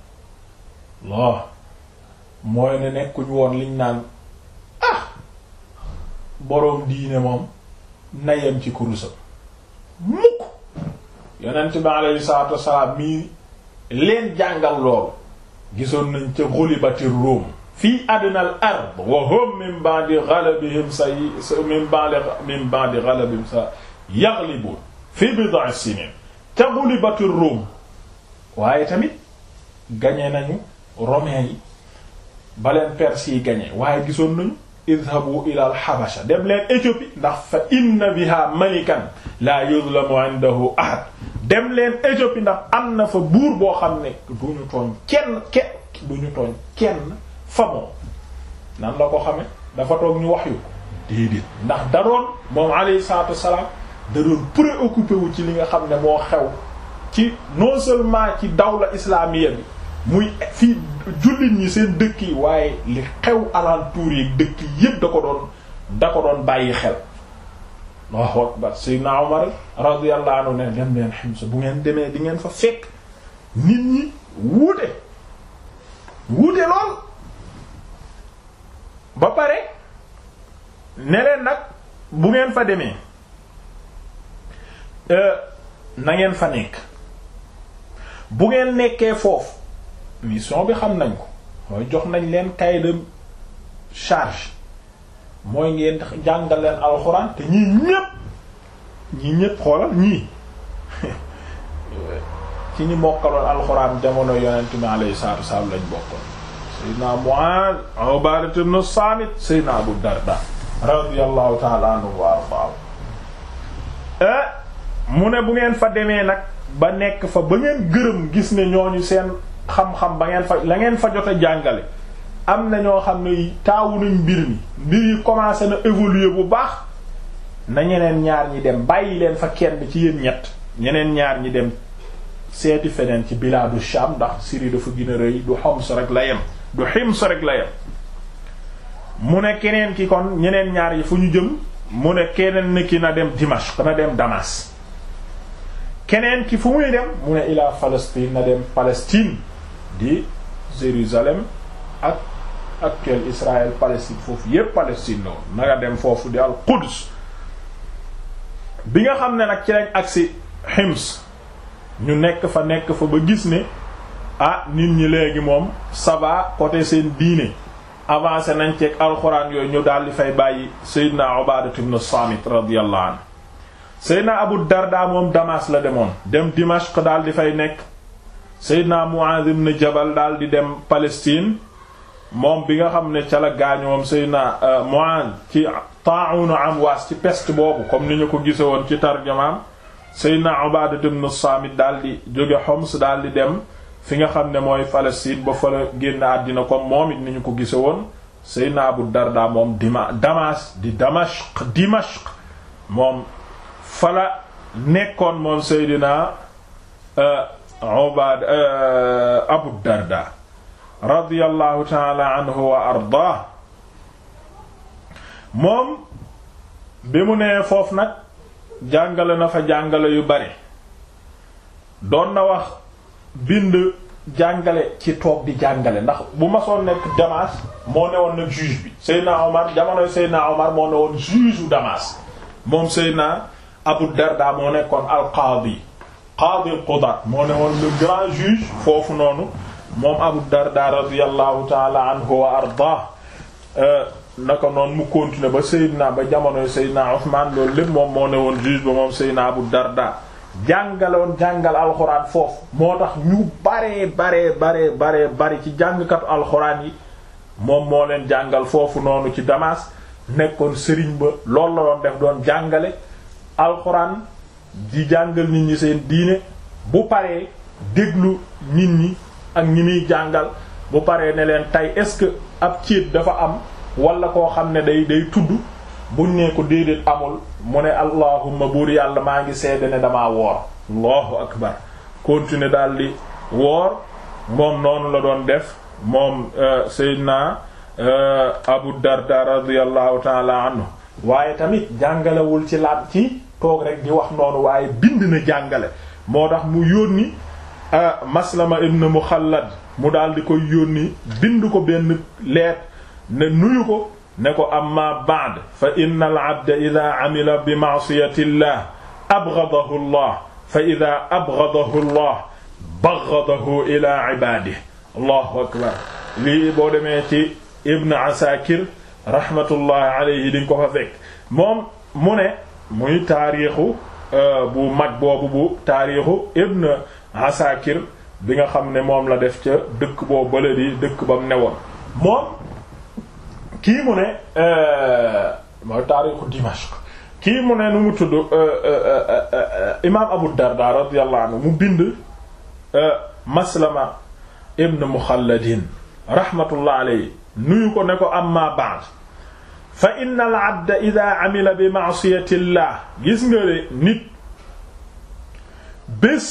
Allah mooy ne nekkuñ woon liñ naan ah boroom diine moom nayem ci kurusam mukk yonent bi aleyhi salaatu wasalaam mii leen jàngal loolu gisoon nañ ca ghulibatir rum fii adnal ard wa hum min ba'di ghalabihim sa min ba'di min ba'di ghalabihim sa yaghlibun fi bid'i sinin ca ghulibatir rum waaye tamit gañe nañu romains yi baleen Perse yi gañe waaye gisoon nañu idhabu ila al habasha dem leen Éthiopie ndax fa inna biha malikan la yuzlamu indahu ahad dem leen Éthiopie ndax am na fa buur boo xam ne du tooñ kenn kenn du tooñ kenn fa moom nan la ko xame dafa toog ñu wax yu déedéet ndax daroon moom alayhi salatu wassalam da doon préoccupé wu ci li nga xam ne moo xew ci non seulement ci dawla islamiya bi muy fii jullit ñi seen dëkk yi waaye li xew alentour yi dëkk yépp da ko doon da ko doon bàyyi xel Allahu akbar Seydina Umar radiyallahu anhu ne dem leen Himsa bu ngeen demee di ngeen fa fekk nit ñi wuute wuute lool ba pare ne leen nag bu ngeen fa demee euh, nangeen fa nekk bu ngeen nekkee foofu mission bi xam nañ ko mooy jox nañ leen cahier charge mooy ngeen jàngal leen alxuraan te ñii ñépp ñii ñépp xoolal ñii ci ñi mokkaloon alxuraan jamono yonent mi alayhi salaatu Saamit sayyidina Abu Darda radiyallahu ta'ala anhu wa ardaa eh, mu ne bu ngeen fa demee nag ba nekk fa ba ngeen gërëm gis ne ñooñu seen xam-xam ba ngeen fa la ngeen fa jot a jàngale am na ñoo xam ne taawu nañ mbir mi mbir yi commencé na évoluer bu baax na ñeneen ñaar ñi dem bàyyi leen fa kenn ci yéen ñett ñeneen ñaar ñi dem seeti feneen ci bilaadu Sham ndax Syrie dafa gën a rëy du Homs rek la yem du Hims rek la yem mu ne keneen ki kon ñeneen ñaar yi fu ñu jëm mu ne keneen ni ki na dem Dimashq na dem Damas keneen ki fu muy dem mu ne ilaa Palestine na dem Palestine di Jérusalem ak actuel Israël Palestine foofu yépp Palestine la woon dem foofu di al Quds bi nga xam ne nag ci lañ agsi Hims ñu nekk fa nekk fa ba gis ne ah nit ñi léegi moom ça va côté seen diine avancé nañ ceeg alxuraan yooyu ñu daal di fay bàyyi Seydina Ubaadatu ibn Saamit radiyallahu anhu Seydina Abu Darda moom Damas la demoon dem Dimashq daal di fay nekk Seydina Muaz ibn Jabal daal di dem Palestine moom bi nga xam ne ca la gaañu moom Seydina euh, Muaz ci taa'unu Amwaas ci peste boobu comme ni ko gise woon ci tarjamaam Seydina Ubaada ibn daal di jóge Homs daal di dem fi nga xam ne mooy Palestine ba fa la génn àddina comme moom it ni ñu ko gise woon Seydina Abu Darda moom dima di Damashq Dimashq moom fala nekkoon moom Seydina euh, Ubaad eh, Abu moom bi mu nee foofu nag jàngale na fa jàngale yu bari doon na wax bind jàngale ci toog di jàngale ndax bu ma soo nekk Damas moo ne woon nag bi Seydina Omar jamonoy Seydina Omar moo ne woon juge u moom Seydina Abu Darda moo nekkoon alqaadi qaadi al moo ne woon le grand juge foofu noonu moom Abu Darda radiyallahu taala anhu wa arda euh, naka noonu mu continuer ba Seydina ba jamono jamonoy Seydina Ousmane loolu lépp moom moo ne woon juge ba moom Seydina Abu Darda jàngaloon jàngal alxuraan foofu moo tax ñu baree baree baree baree ci jàngkatu alxuraan yi moom moo leen jàngal foofu noonu ci Damas nekkoon sëriñ ba loolu la doon def doon jàngale alxuraan di jàngal nit ñi seen diine bu paree déglu nit ñi ak ñi muy jàngal bu paree ne leen tey est-ce que ab ciit dafa am wala koo xam ne day day tudd buñ ne ko déedéet amul mu ne allahumma buur yàlla maa ngi seede ne damaa woor allahu akbar continuer daal di woor moom noonu la doon def moom euh, Seydina euh, Abu Darda radiyallahu taala anhu waaye tamit jàngalewul ci laat ci toog rek di wax noonu waaye bind na jàngale moo tax mu yónni euh, maslama ibn muxallad mu daal di koy yónni bind ko benn leet ne nuyu ko ne ko amma ba'd fa inna al abda ida amila bi ma'siyati llah abghadahu llah fa ida abghadahu llah baghadahu ila ibadihi allahu akbar lii boo demee ci ibn asakir rahmatullahi alayhi di ko fa fekk moom mu ne muy taarixu euh, bu mag boobu bu taarixu Ibn Asakir bi nga xam ne moom la def ca dëkk boo bële di dëkk ba mu newoon moom kii mu ne euh, mooy taarixu Dimashq kii mu ne nu mu tudd euh, imaam Abu Darda radiyallahu anhu mu bind Maslama ibn Mukhalladin rahmatullah alayhi nuyu ko ne ko amma ba'd fa inna al abda ida amila bi maasiyati llah gis nga ne nit bés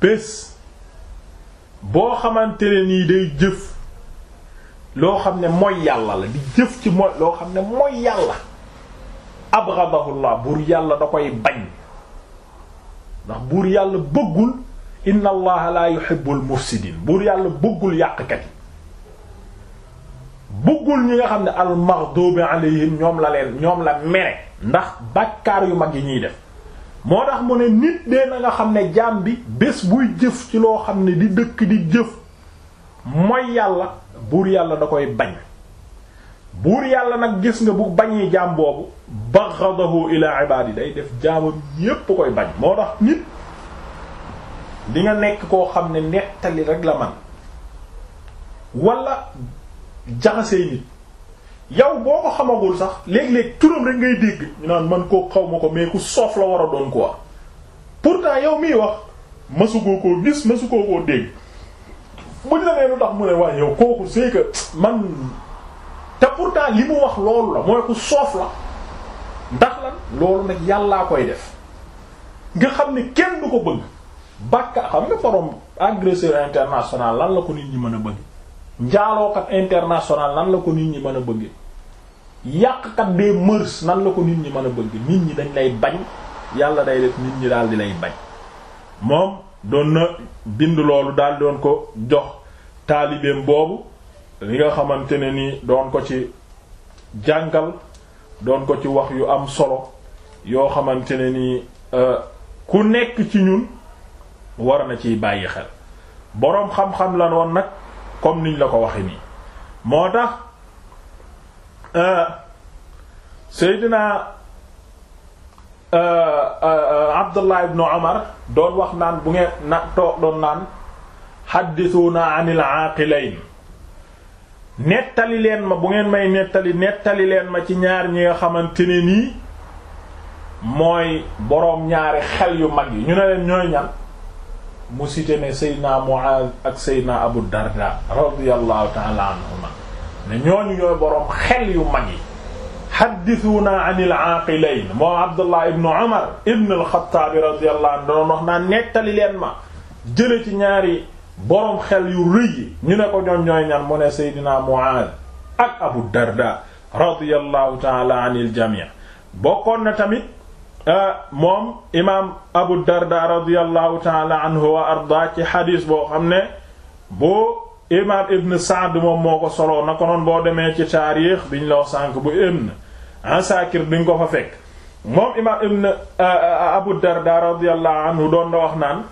bés boo xamante ne nii day jëf loo xam ne mooy yàlla la di jëf ci mooy loo xam ne mooy yàlla abghadahu llah buur yàlla da koy bañ ndax buur yàlla bëggul inna allaha la yuhibbul mufsidin buur yàlla bëggul yàqkat yi bëggul ñi nga xam ne al maghdubi alayhim ñoom la leen ñoom la mere ndax bàkkaar yu mag yi ñuy def moo tax mu ne nit de na nga xam ne jaam bi bés buy jëf ci loo xam ne di dëkk di jëf mooy yàlla buur yàlla da koy bañ buur yàlla nag gis nga bu bañee jaam boobu baghadahu ila ibadi day def jaamam yépp koy bañ moo tax nit di nga nekk koo xam ne nettali rek la man wala jaxasee nit yow boo ko xamagul sax léeg-léeg turam rek ngay dégg ñu naan man koo xaw ma ko mais ku soof la war a doon quoi pourtant yow mii wax masugoo koo gis masugoo koo dégg bu ñu la nee lu tax mu ne waaye yow kooku c'est que man te pourtant li mu wax loolu la mooy ku soof la ndax la loolu nag yàllaa koy def nga xam ne kenn du ko bëgg bàkka xam nga borom agresseur international lan la ko nit ñi mën a bëgg njaalookat international nan la ko nit ñi mën a bëgge yàqkat des mœurs nan la ko nit ñi mën a bëgg nit ñi dañ lay bañ yàlla day def nit ñi daal di lay bañ moom doon na bind loolu daal doon ko jox taalibeem boobu li nga xamante ne ni doon ko ci jàngal doon ko ci wax yu am solo yoo xamante ne ni euh, ku nekk ci ñun war na ciy bàyyi xel boroom xam-xam la woon nag comme niñ la ko waxe nii moo tax euh, Seydina euh, euh, Abdullah ibn Umar doon wax naan bu ngeen na toog doon naan xaddisuuna anil aaqilayn nettali leen ma bu ngeen may nettali nettali leen ma ci ñaar ñi nga xamante ne nii mooy boroom ñaari xel yu mag yi ñu ne leen ñooy ñan mu cité ne Seydina Muaz ak Seydina Abu Darda radiyallahu ta'ala anhuma ne ñooñu ñooy boroom xel yu mag yi xaddisuuna an il aaqilayn moo Abdullah ibnu Umar ibn al-Xattaab radiyallahu anhu doon wax naa nettali leen ma jële ci ñaari boroom xel yu rëy yi ñu ne ko ñoom ñooy ñan mu ne Seydina Muaz ak Abu Darda radiyallahu ta'ala anil jami' bokkoon na tamit Ah, moom imaam Abu Darda radiyallahu taala wa arda ci xadiis boo xam ne bu imaam Ibn Saad moom moo ko soloo na ko noon boo demee ci taarix biñ la wax sànk bu Ibn Asakir diñ ko fa fekk moom imaam Ibn ah, Abu Darda radiyallahu doon na wax naan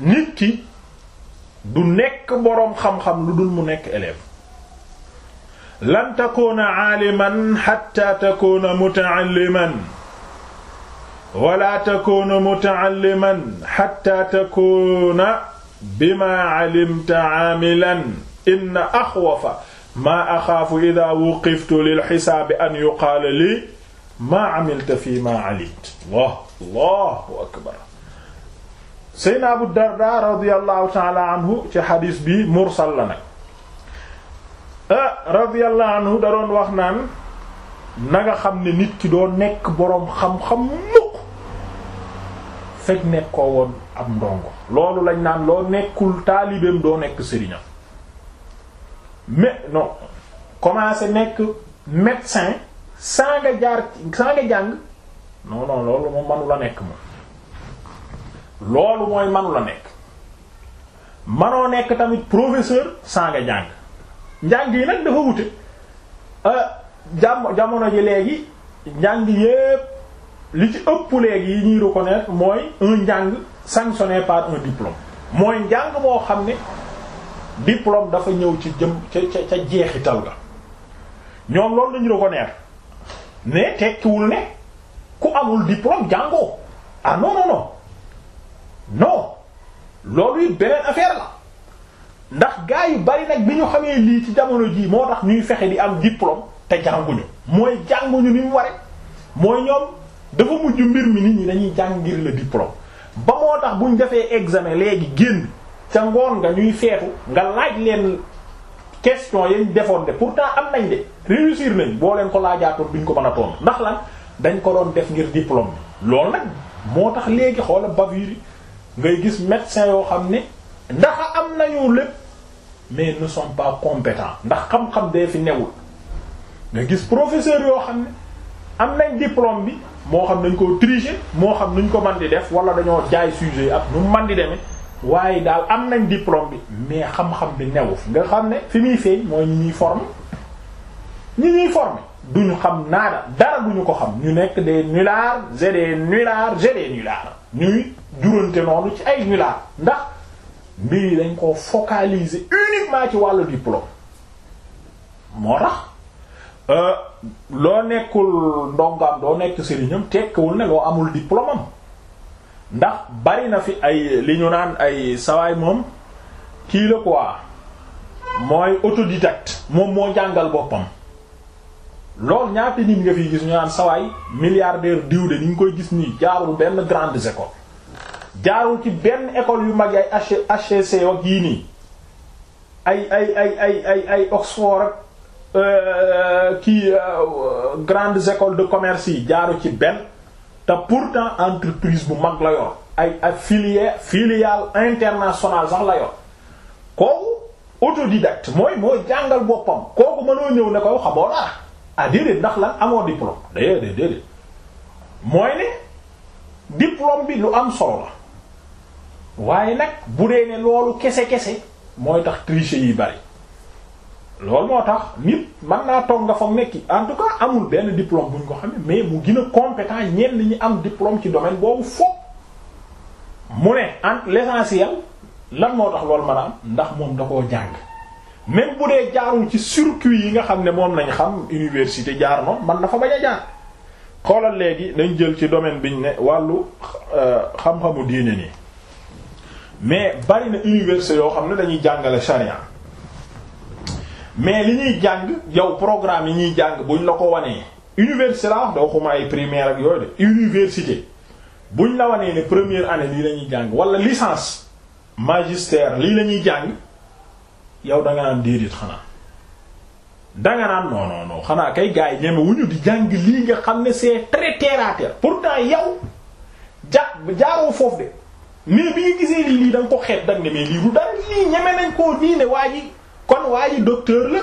nit du nekk boroom xam-xam lu dul mu nekk élève lan takuuna aaliman hatta takuuna muta'alliman wala takuunu mutaalliman xatta takuuna bima alimta aamilan inna axwafa maa axaafu ida wuqiftu lilxisaabi an yuqaala lii maa amilta fi maa alimta allah allahu akbar seydna abu darda radiallahu taala anhu ci xadiis bi mursal la nag radiallahu anhu da doon wax naan na nga xam ne nit ki doo nekk boroom xam-xam mu fekk nekkoo woon ab ndongo loolu lañ naan loo nekkul taalibeem doo nekk sëriñam mais non commencé nekk médecin saa nga jaar saa nga jàng non loolu moom manu la nekk moom loolu mooy manu la nekk manoo nekk tamit professeur saa nga jàng njàng yi nag dafa wute ah jamono ji léegi njàng yépp li ci ëpp léegi yi ñuy reconnaître mooy un njàng sanctionné par un diplôme mooy njàng moo xam ne diplôme dafa ñëw ci jëm ca ca ca jeexi ga ñoom loolu lañu reconnaître mais tekkiwul ne ku amul diplôme jàngoo ah non non loolu it beneen affaire la ndax gaa yi bari nag bi ñu xamee lii ci jamono jii moo tax ñuy fexe di am diplôme te jànguñu mooy jànguñu ni mu ware mooy ñoom dafa mujj mbir mi nit ñi dañuy jàng ngir le diplôme ba moo tax buñ defee examen léegi génn ca ngoon nga ñuy feetu nga laaj leen question yañ defoon de pourtant am nañ de réussir nañ boo leen ko laajaatoon buñ ko mën a tontu ndax lan dañ ko doon def ngir diplôme bi loolu nag moo tax léegi xoola bavure yi ngay gis médecin yoo xam ne ndax am nañu lépp mais ne sont pas compétents ndax xam-xam dee fi newul nga gis professeur yoo xam ne am nañ diplôme bi moo xam nañ koo tricher moo xam nuñ ko man di def wala dañoo jaay sujet ak nu man di demee waaye daal am nañ diplôme bi mais xam-xam bi newu fi nga xam ne fi muy feeñ mooy ñi ñuy form ñi ñuy forme duñu xam naada dara duñu ko xam ñu nekk des nullards j'ai des nullards j'ai des nullards ñuy jurante noonu ci ay nullards ndax mbir yi dañ ko focaliser uniquement ci wàll diplôme moo tax Euh, loo nekkul ndongaam doo nekk sëriñam tekkiwul ne loo amul diplôme ndax bari na fi ay li ñu naan ay sawaay moom kii la quoi mooy autodidacte moom moo jàngal boppam loolu ñaata nit nga fiy gis ñu naan sawaay milliardaire diw de ni ñu koy gis nii jaarul benn grandes écoles jaarul ci benn école yu mag ay H HEC ak yii nii ay ay ay ay ay ay Oxford ak Euh, euh, kii euh, grandes écoles de commerce yi jaaro ci benn te pourtant entreprise bu mag la yor ay ay filière filiale internationale sax la yor kooku autodidacte mooy moo jàngal boppam kooku mënoo ñëw ne ko xamoo dara ah déedéet ndax la amoo diplôme déedéet déedéet mooy ne diplôme bi lu am solo la waaye nag bu dee ne loolu kese kese mooy tax tricher yi bari lool moo tax nit man naa toog nga foog nekki en tout cas amul benn diplôme buñ ko xam mais mu gën a compétent ñenn ñi am diplôme ci domaine boobu foog mu ne en l'essentiel lan moo tax loolu mën a am ndax moom da koo jàng même bu dee jaarul ci circuit yi nga xam ne moom nañ xam université jaar noonu man dafa bañ a jaar xoolal léegi dañ jël ci domaine ñu ne wàllu euh, xam-xamu diine nii mais bari na université yoo xam ne dañuy jàngale charia mais li ñuy jàng yow programme yi ñuy jàng buñ la ko wanee université la wax da waxuma ay primaire ak yooyu de université buñ la wanee ne première année lii lañuy jàng wala licence magistère lii lañuy ñuy jàng yow da naan déedéet xanaa danga naan non non xanaa kay gars yi ñeme wuñu di jàng lii nga xam ne c'est très terre à terre yow jaaroo foofu de mais bi nga gisee lii da nga ko xeet dag ne mais lii du daal lii ñeme nañ koo nii ne waa ji kon waa ji la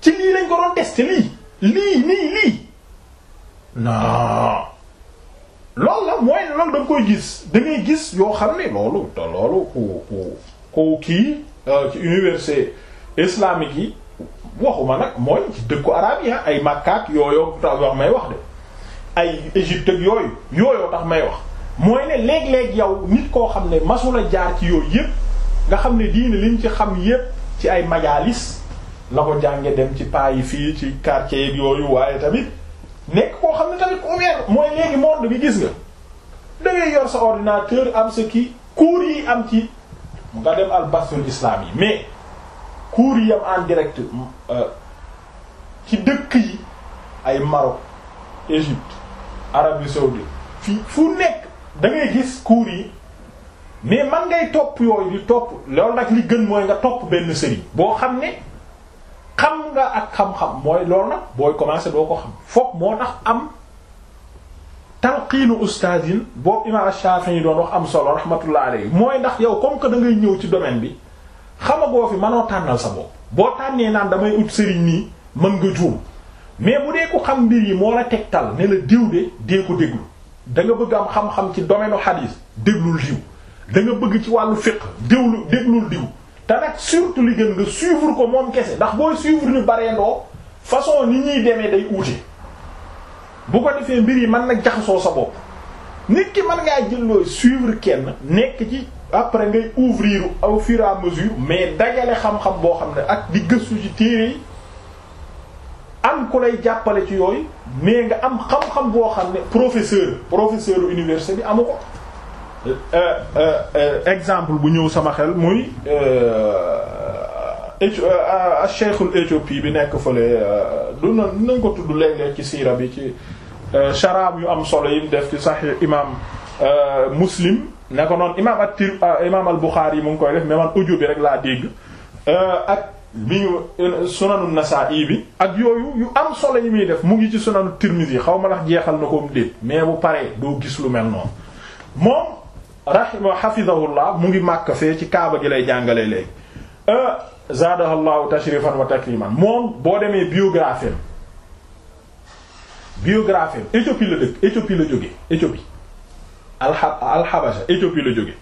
ci lii lañ ko doon tester lii lii nii lii non loolu la mooy loolu da nga koy gis da gis yoo xam ne loolu te loolu ku kii euh, ci université islamique yi waxuma nag mooy ci dëkku arabe yi ay Makka ak yooyu tax wax may wax de ay Égypte ak yooyu yooyu tax may wax mooy ne léeg-léeg yow nit koo xam ne masula jaar ci yooyu yépp nga xam ne diine liñ ci xam yépp ci ay majaalis la ko jànge dem ci paa yi fii ci quartier yeeg yooyu waaye tamit nekk koo xam ne tamit ouvert mooy léegi monde bi gis nga da yor sa ordinateur am sa kii cours yi am ci nga dem al bastul islam yi mais cours yi am en direct euh, ci dëkk yi ay maro Égypte Arabie saoudite fii fu nekk dangay gis cours yi mais man ngay topp yooyu di topp loolu nag li gën mooy nga topp benn sëriñ boo xam ne xam nga ak xam-xam mooy loolu nag booy commencer doo ko xam foog moo tax am talqiinu ustaazin boobu imaam Shaafi'i yi doon wax am solo rahmatullah alayhi mooy ndax yow comme que da ngay ñëw ci domaine bi xamagoo fi mënoo tànnal sa bopp boo tànnee naan damay ut sëriñ nii mën nga juum mais bu dee ko xam mbir yi moo la tegtal ne la diw de dee ko déglu danga bëgg am xam-xam ci domaine u déglul diw danga bëgg ci wàllu fiqh déglu déglul diw te nag surtout li nga suivre ko moom kese ndax booy suivre ñu baree ndoo façon ni ñuy demee day uute bu ko defee mbir yi man na jaxasoo sa bopp nit ki mën ngaa jël looy suivre kenn nekk ci après ngay ouvrir aw fur et à mesure mais dajale xam-xam boo xam ne ak di gëstu ci téere yi am ku lay jàppale ci yooyu mais nga am xam-xam boo xam ne professeur professeur université bi amu ko Euh, euh, euh, exemple bu ñëw sama xel muy cheikhul éthiopie bi nekk fële du na nañ ko tudd léeg-léeg ci siira bi ci sharaab yu am solo yim def ci sahih imam muslim ne ko noonu imam at-tir imam al-Bukhari yi mu ngi koy def mais man audio bi rek laa dégg ak bi ñu sunanu Nasa'i bi ak yooyu yu am solo yi muy def mu ngi ci sunanu yi xaw ma lax jeexal na ko mu mais bu paree doo gis lu mel noonu moom rahima hafizahullah mu ngi màkk fee ci kaaba gi lay jàngale léegi euh, zaadahallahu tashrifan wa takriman moom boo demee biographie biographie Éthiopie la dëkk Éthiopie la jóge Éthiopie alxabasa Éthiopie la jóge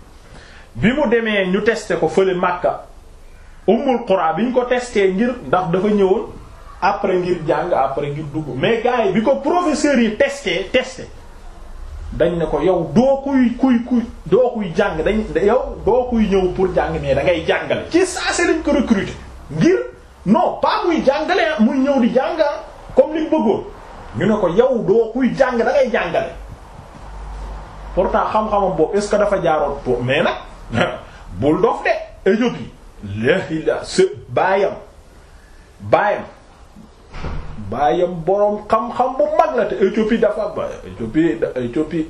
bi mu demee ñu testé ko fële Makka Ummul Qura bi ñu ko testé ngir ndax dafa ñëwoon après ngir jàng après ngir dugg mais gars bi ko professeurs yi testé testé dañ ne ko yow doo kuy kuy kuy doo kuy jàng dañ yow doo kuy ñëw pour jàng mais da ngay jàngale ci saase lañ ko recruter ngir non pas muy jàngale ah muy ñëw di jàng ah comme liñ bëggoon ñu ne ko yow doo kuy jàng da ngay jàngale pourtant xam-xamam boobu est-ce que dafa jaaroon pour mais nag bul dof de éthiopie la la se baayam baayam baayam boroom xam-xam bu mag la te Éthiopie dafa ba Éthiopie Éthiopie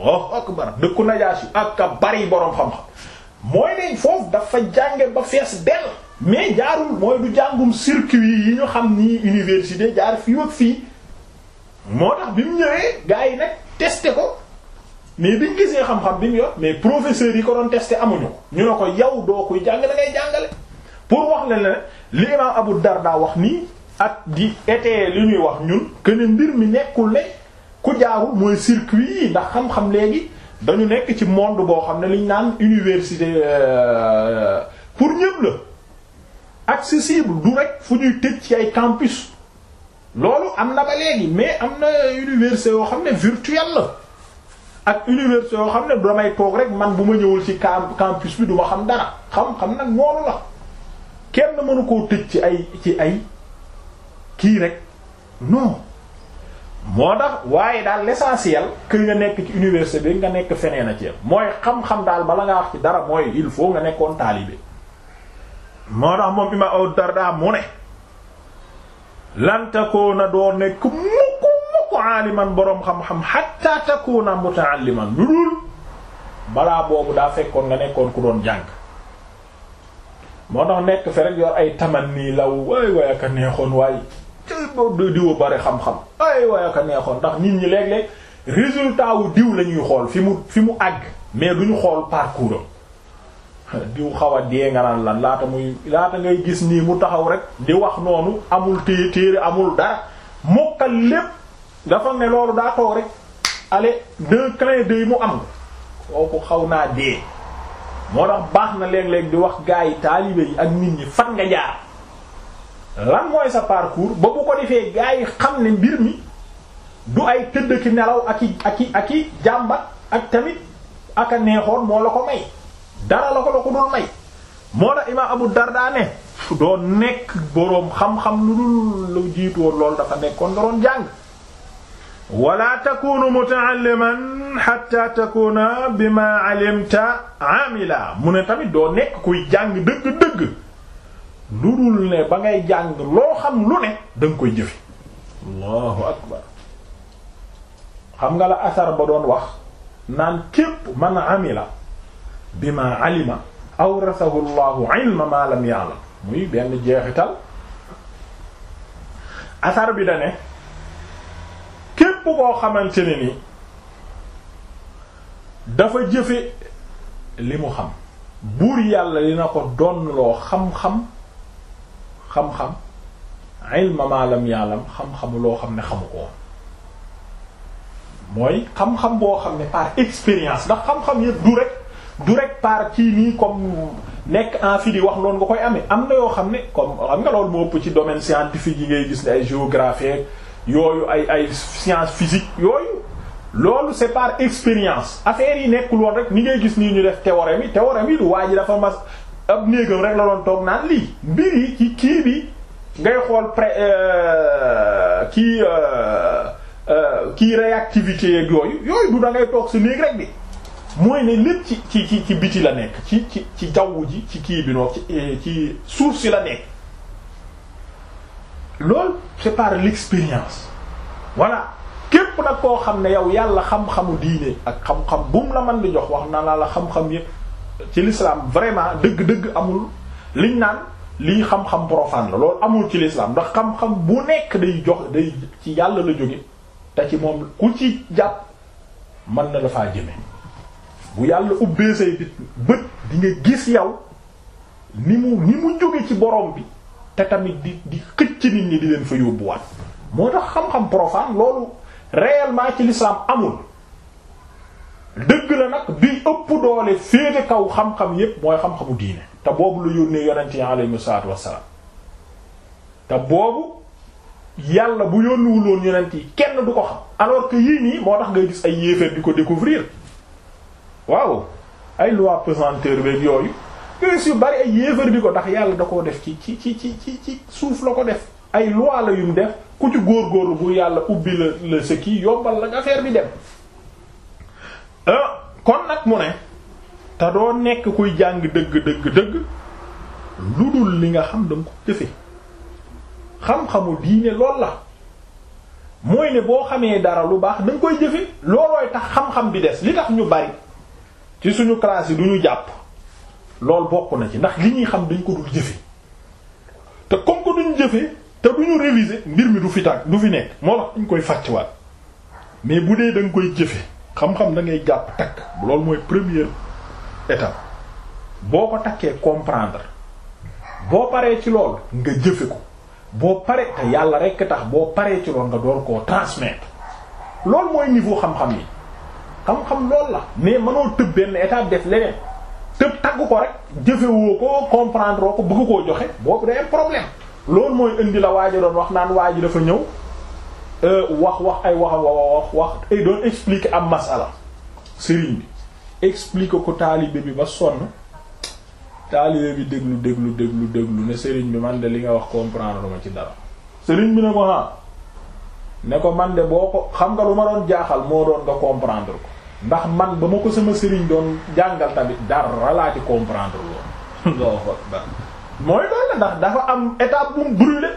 Allahu akbar dëkku Najaasi yi ak ka bari boroom xam-xam mooy ne foofu dafa jànge ba fees dell mais jaarul mooy du jàngum circuit yi ñu xam ni université jaar fii ak fii moo tax bi mu ñëwee gars yi nag testé ko mais biñ gisee xam-xam bi mu yor mais professeurs yi ko doon testé amuñu ñu ne ko yow doo koy jàng da ngay jàngale pour wax la ne li imam Abu daa wax nii ak di étayer li ñuy wax ñun que ne mbir mi nekkul ne ku jaarul mooy circuit yi ndax xam-xam léegi dañu nekk ci monde boo xam ne liñ naan université euh, pour ñëpp la accessible du fu ñuy tëj ci ay campus loolu am na ba léegi am na université yoo xam ne virtuelle la ak université yoo xam ne damay toog rek man bu ma ñëwul ci campus bi du ma xam dara xam-xam nag noonu la kenn mënu koo tëj ci ay ci ay kii rek non moo tax waaye daal l'essentiel que nga nekk ci université bi nga nekk feneen a ceeb mooy xam-xam daal bala nga wax ci dara mooy il faut nga nekkoon taalibe moo tax moom ima aw darda mu ne lan takoona doo nekk mukku mukku aaliman boroom xam-xam hatta takoona muta'alliman lu dul balaa boobu daa fekkoon nga nekkoon ku doon jàng moo tax nekk fe rek yor ay taman nii law waay waay aka neexoon waay ba diwa bare xam-xam ay waaye ka neexoon ndax nit ñi léeg-léeg résultat wu diw lañuy xool fi mu fi mu àgg mais duñu xool parcours am diw xaw a dee nga naan lan laata muy laata ngay gis nii mu taxaw rek di wax noonu amul téye téere amul dara mokkal lépp dafa ne loolu daa toog rek ale d'un clin d'œil mu am kooku xaw naa dee moo tax baax na léeg-léeg di wax gaa yi taalibe yi ak nit ñi fan nga jaar lan mooy sa parcours ba bu ko defee gaa yi xam ne mbir mi du ay tëdd ki nelaw ak i ak i ak i jàmbat ak tamit ak a neexoon moo la ko may dara la ko la ko doon may moo tax imaam Abu Darda ne doo nekk boroom xam-xam lu dul lu jiitu woon dafa nekkoon nga doon jàng wala takunu muta'alliman hatta takuna bima alimta amila mu ne tamit doo nekk kuy jàng dëgg-dëgg lu dul ne ba ngay jàng loo xam lu ne da nga koy jëfe allahu akbar xam nga la asar ba doon wax naan képp man amila bi ma alima awrasahu ma lam ya'lam muy benn jeexital asar bi da ne képp koo xamante ne ni dafa jëfe li mu xam buur yàlla dina ko doon loo xam-xam xam-xam ilma ma lam ya'lam xam-xamu loo xam ne xamu ko mooy xam-xam boo xam ne par expérience ndax xam-xam yëpp du rek du rek par kii nii comme nekk en fi di wax noonu nga koy amee am na yoo xam ne comme xam nga loolu moo ëpp ci domaine scientifique yi ngay gis ne ay géographie yooyu ay ay science physique yooyu loolu c'est par expérience affaire yi nekkul woon rek ni ngay gis nii ñu def théorème yi théorème yi du waa ji dafa mas ab néegam rek la doon toog naan lii mbir yi ci kii bi ngay xool pré euh, kii euh, euh, kii réactivité yeeg yooyu yooyu du da ngay toog sa néeg rek bi mooy ne lépp ci ci ci biti la nekk ci ci ci jaww ji ci kii bi noonu ci eh, ci suuf si la nekk loolu c'est l'expérience voilà képp nag koo xam ne yow yàlla xam-xamu diine ak xam-xam bu mu la man di jox wax na laa la xam-xam yépp ci l'islam vraiment dëgg-dëgg amul liñ naan lii xam-xam profane la loolu amul ci l'islam ndax xam-xam bu nekk day jox day ci yàlla la jóge te ci moom ku ci jàpp mën na la jëme bu yàlla ubbee say bët di nga gis yow ni mu ni mu jóge ci borom bi te tamit di di xëcc nit ñi di leen fa yóbbuwaat moo tax xam-xam profane loolu réellement ci l'islam amul dëgg la nag bi ëpp doole féete kaw xam-xam yépp mooy xam-xamu diine te boobu la yónnee yonent yi aleyhim salaatu wassalaam te boobu yàlla bu yónnuwuloon yonent yi kenn du ko xam alors que yii nii moo tax ngay gis ay yéeféer di ko découvrir waaw ay loi pesanteur beeg yooyu gis yu bari ay yéeféer di ko tax yàlla da koo def ci ci ci ci ci ci suuf la ko def ay loi la yu mu def ku ci góor góorgóorlu bu yàlla ubbi la la sa kii yombal la affaire bi dem Euh, kon nag mu ne te doo nekk kuy jàng dëgg dëgg dëgg lu dul li nga xam danga ko jëfe xam-xamu diine lool la mooy ne boo xamee dara lu baax danga koy jëfe loolooy tax xam-xam bi des li tax ñu bari ci suñu classe yi du ñu jàpp lool bokk na ci ndax li ñuy xam dañ ko dul jëfe te kon ko duñ jëfe te duñu réviser mbir mi du fi tàgg du fi nekk moo tax dañ koy fàccuwaat mais bu dee danga koy jëfe xam-xam da ngay jàpp takk loolu mooy première étape boo ko takkee comprendre boo paree ci loolu nga jëfe ko boo paree te yàlla rekk tax boo paree ci loolu nga door koo transmettre loolu mooy niveau xam-xam yi xam-xam loolu la mais mënoo tëb benn étape def leneen tëb tagg ko rek jëfewoo ko comprendre ko bugg koo joxe boobu day am problème loolu mooy indi la waaja doon wax naan waa ji dafa ñëw Euh, wax wax ay wax wax wax ay doon expliquer am masala sëriñ bi expliquer ko taalibe bi ba sonn taalibe bi déglu déglu déglu déglu ne sëriñ bi man de li nga wax comprendre ma ci dara sëriñ bi ne ko ah ne ko man de boo ko xam nga lu ma doon jaaxal moo doon nga comprendre ko ndax man ba ma ko sama sëriñ doon jàngal tamit dara laa ci comprendre loolu. loolu mooy loolu ndax dafa am étape bu mu brûler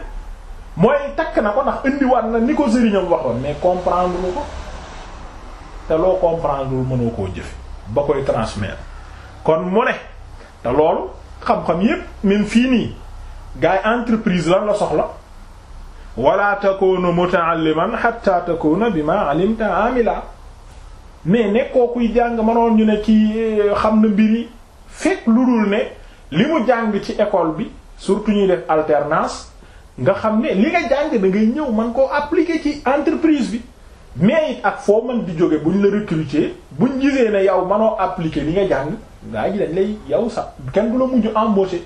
mooy takk na ko ndax indiwaat na ni ko sëriñam waxoon mais comprendre lu ko te loo comprendre lu mënoo koo jëfe ba koy transmettre kon mu ne te loolu xam-xam yépp même fii nii gars yi entreprise lan la soxla wala takoona muta'alliman hatta takoona bima alimta amila mais nekkookuy jàng mënoon ñu ne ci eh, xam na mbiri fekk lu dul ne li mu jàng ci école bi surtout ñuy def alternance nga xam ne li nga jàng da ngay ñëw man koo appliquer ci entreprise bi mais it ak foo man di jóge buñ la bu buñ gisee ne yow manoo appliquer li nga jàng ngaa ji dañ lay yow sax kenn du la mujj embaucher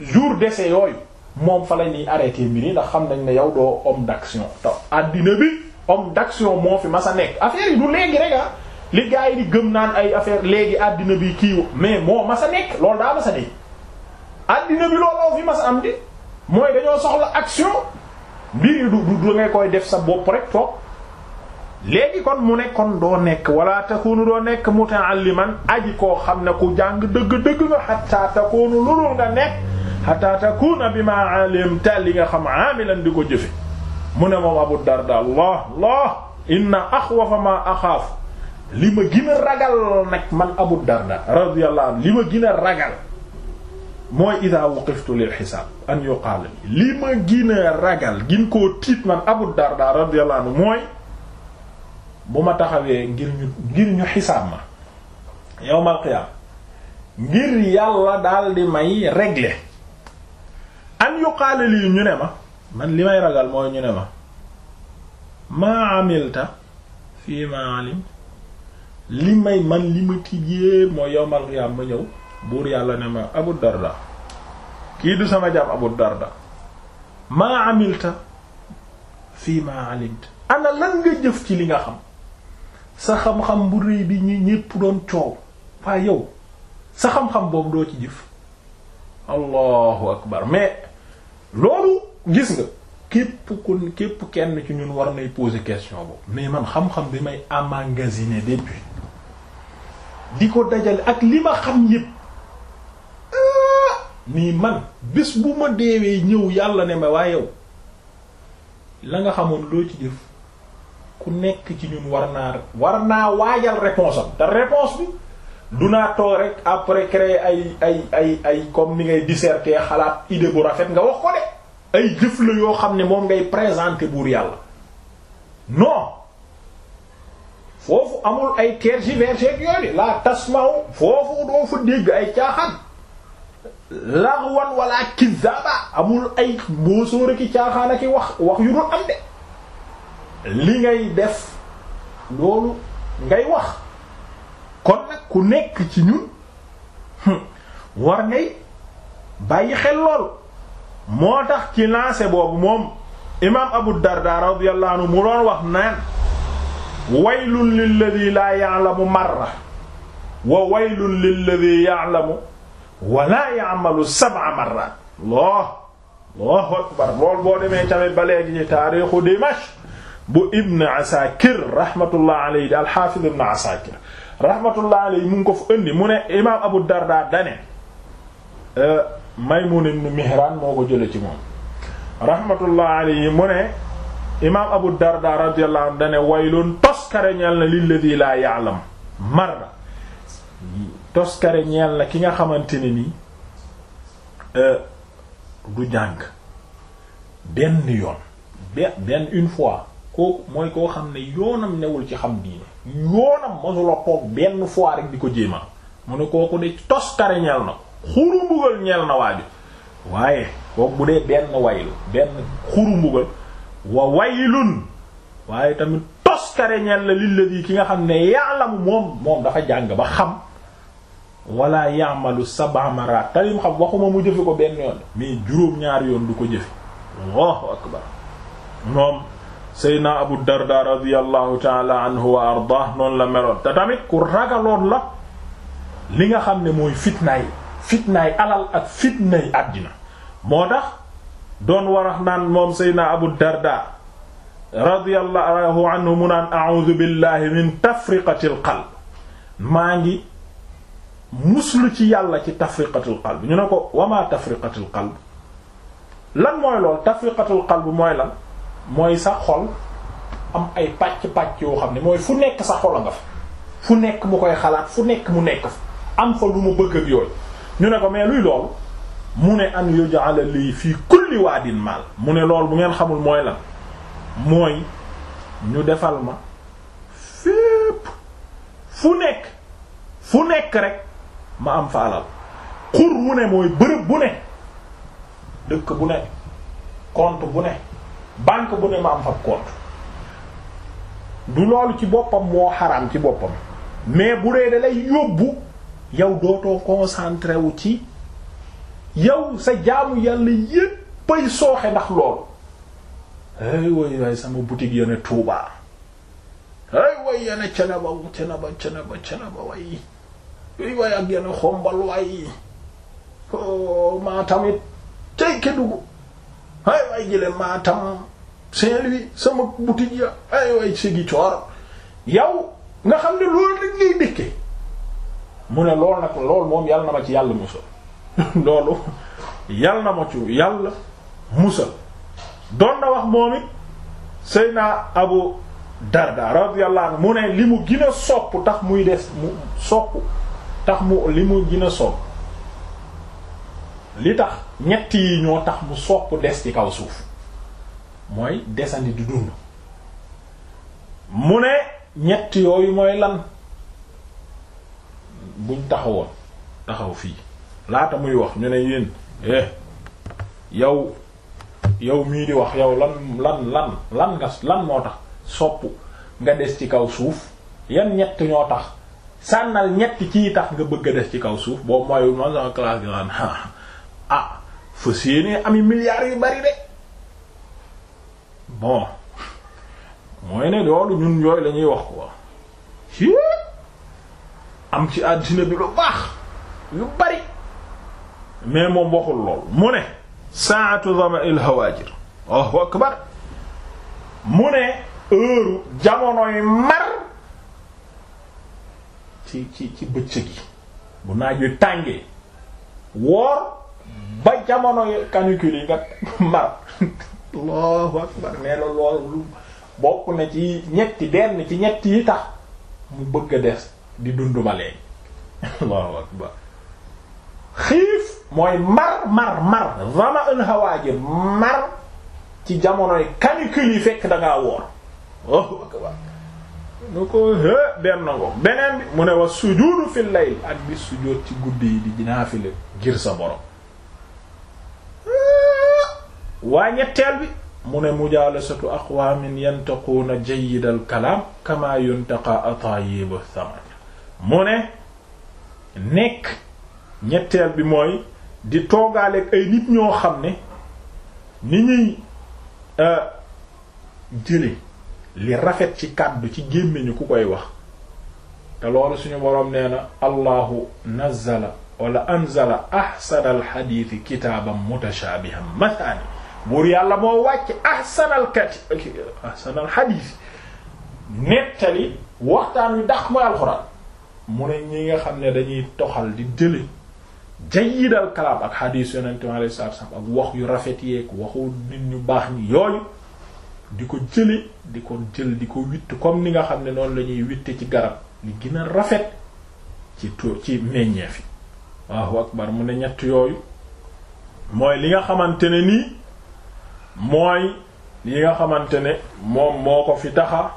jour d'essai yooyu moom fa la ñuy arrêter mbir yi ndax xam nañ ne yow doo homme d'action te àddina bi homme d'action moo fi ma sa nekk affaire yi du léegi rek ah li gars yi di gëm naan ay affaire léegi àddina bi kii mais moo mas a nekk loolu daa mas a nekk mooy dañoo soxla action mbir du du ngay koy def sa bopp rek toog léegi kon mu nekkoon doo nekk wala takunu doo nekk muta'alliman aji koo xam ne ku jàng dëgg-dëgg nga hatta takunu lulul nga nekk hatta takuna bima alimta li nga xam amilan di ko jëfe mu ne moom Abu Darda allah allah inna axwafa ma axaaf li ma gën a ragal nag man Abu Darda radiyallahu li ma gën a ragal mooy ida waqiftu lil xisaab an yuqaal li ma gën ragal gin koo tiit man Abu Darda radiyallahu anhu mooy bu ma taxawee ngir ñu ngir ñu xisaab ma yawmal qiyaam ngir yàlla daal di may régler an yuqaal lii ñu ne ma man li may ragal mooy ñu ne ma maa amilta fii ma alim li may man li ma tiit yépp mooy yawmal qiyaam ma ñëw buur yàlla ne ma abu darda kii du sama jaam abu darda maa amilta fii maa alimta ana nga jëf ci li nga xam sa xam-xam bu rëy bi ñi ñépp doon coow waaye yow sa xam-xam boobu doo ci jëf allahu akbar mais loolu gis nga képp ku képp kenn ci ñun war nay poser question boobu mais man xam-xam bi may emmagasiner depuis di ko dajale ak li ma xam yépp nii man bés bu ma deewee ñëw yàlla ne ma waa yow la nga xamoon loo ci jëf ku nekk ci ñun war naa war naa waajal réponse am te réponse bi du naa toog rek après créer ay ay ay ay comme ni ngay disserter xalaat idée bu rafet nga wax ko de ay jëf la yoo xam ne moom ngay présenter buur yàlla non foofu amul ay tergiversé yooyu la tasmaw foofu doo fa dégg ay caaxaan raxwan wala kizaba amul ay boosóor ki caaxaan wax wax yu dul am de li ngay def loolu ngay wax kon nag ku nekk ci ñun war ngay bàyyi xel loolu moo tax ci lancé boobu moom imaam Abu Darda radiyallahu mu doon wax naan waylun lilladi laa ya'lamu marra wa waylun lilladi ya'lamu wala ya'malu sab'a marrat Allah Allahu akbar lool boo demee tamit ba léegi ci taarixu Dimashq bu Ibn Asakir rahmatullah alayhi al-Hafiz ko fa indi mu ne imaam Abu Darda dane e, Maymun ibn Mihran moo ko jële ci moom rahmatullah alayhi mu ne imaam Abu Darda radiyallahu anhu dane waylun toskare ñal na lilladi ya'lam marra toskare ñeel na ki nga xamante ne nii euh, du jàng benn yoon benn une fois ko mooy koo xam ne yoonam newul ci xam diine yoonam masula toog benn fois rek di ko jéema mu ne kooku de toskare ñeel na xuru ñeel na waaju waaye kooku bu dee benn waylu benn xuru wa waylun waaye tamit toskare ñeel na lilla di ki nga xam ne ya'lamu moom moom dafa jàng ba xam wala ya'malu sab'a marat talim xam waxuma mu jëfe ko benn yoon mais juróom-ñaar yoon du ko jëfe allahu akbar moom seydna abu darda radiallahu taala wa ardah noonu la meloon te tamit ku ragaloon la li nga xam ne mooy fitnaay fitnaay alal ak fitnaay àddina moo tax doon warax naan moom seydna abu darda radiallahu mu naan a'udhu billahi min tafriqati al maa ngi muslu ci yàlla ci tafriqatul qalb ñu ne ko wamaa tafriqatul qalb lan mooy lool tafriqatul qalb mooy lan mooy sa xol am ay pàcc-pàcc yoo xam ne mooy fu nekk sa xol a nga fa fu nekk mu koy xalaat fu nekk mu nekk fa am fa lu mu bëgg ak yooyu ñu ne ko mais luy lool mu ne an yuj'ala li fii kulli waadin maal mu ne lool bu ngeen xamul mooy lan mooy ñu defal ma fépp fu nekk fu nekk rek ma am fa alal xur wu ne mooy bërëb bu ne dëkk bu ne compte bu ne banque bu ne ma am fa compte du loolu ci boppam moo xaraam ci boppam mais bu dee da lay yóbbu yow dootoo concentré wu ci yow sa jaamu yàlla yéppay sooxe ndax loolu ay way waay sama boutique yone Touba ay way yenn cana ba cana ba cana ba i way ak yenn xombal waay oh, maa tamit tey Kédougou ay waay jële maa tam Saint-Louis sama boutique ya ay waay sigi yow nga xam ne loolu rek ngay dëkke mu ne loolu nag loolu moom yàlla na ma ci yàlla musal loolu yàlla na ma ci yàlla musal doon na wax moom it Seydina Abu Darda radiyallahu anhu mu ne li mu gën sopp tax muy des mu sopp tax mu li mu gën a li tax ñett yi ñoo tax mu sopp des ci kaw suuf mooy desandi di dund mu ne ñett yooyu mooy lan buñ taxawoon taxaw fii laata muy wax ñu ne yéen eh, yow yow mii di wax yow lan lan lan lan lan moo tax sopp nga des ci kaw suuf yan ñett ñoo tax sànnal ñetti ci tax nga bëgg a des ci kaw suuf boo mooy ma sama classe ah, ah, yu bari de bon mooy ne loolu ñun wax quoi am ci àddina bi lu bari moom waxul lool mu ne saatu zama'il mar ci ci ci bëccëg yi bu naaj wi tàngee woor ba jamono canicule yi nga mar Allahu akbar nee la loolu bokk na ci ñetti benn ci ñetti yi tax mu bëgg a des di dunduma Allahu akbar xiif mooy mar mar mar rama un hawaaji mar ci jamonoy canicule yi fekk dangaa woor nu ko hë benn ngo beneen bi mu ne wa sujudu fil layl ak bi sujud ci guddi yi di naafile ngir sa borom waa ñetteel bi mu ne mujalasatu aqwamin yantaquuna jayyidal kalaam kama yuntaqa atayibu thaman mu ne nekk ñetteel bi mooy di toogaaleeg ay nit ñoo xam ne ni ñuy euh, jële li rafet ci kàddu ci gémmiñu ku koy wax te loolu suñu boroom nee na allahu nazzala wala anzala ahsanal xadiisi kitaaban mutashaabihan mathani buur yàlla moo wàcc ahsanal kati ahsanal xadiisi nettali waxtaan wi dax mooy alxuraan mu ne ñi nga xam ne dañuy toxal di jële jayyidal kalaam ak xadiis yonente mi alayhi salaatu ak wax yu rafet yeeg waxu nit ñu baax ñi yooyu di ko jële di ko jël di ko witt comme ni nga xam ne noonu la ñuy witte ci garab li gën a rafet ci tu ci meññeef yi waaw akbar mu ne ñett yooyu mooy li nga xamante ne nii mooy li nga xamante ne moom moo ko fi taxa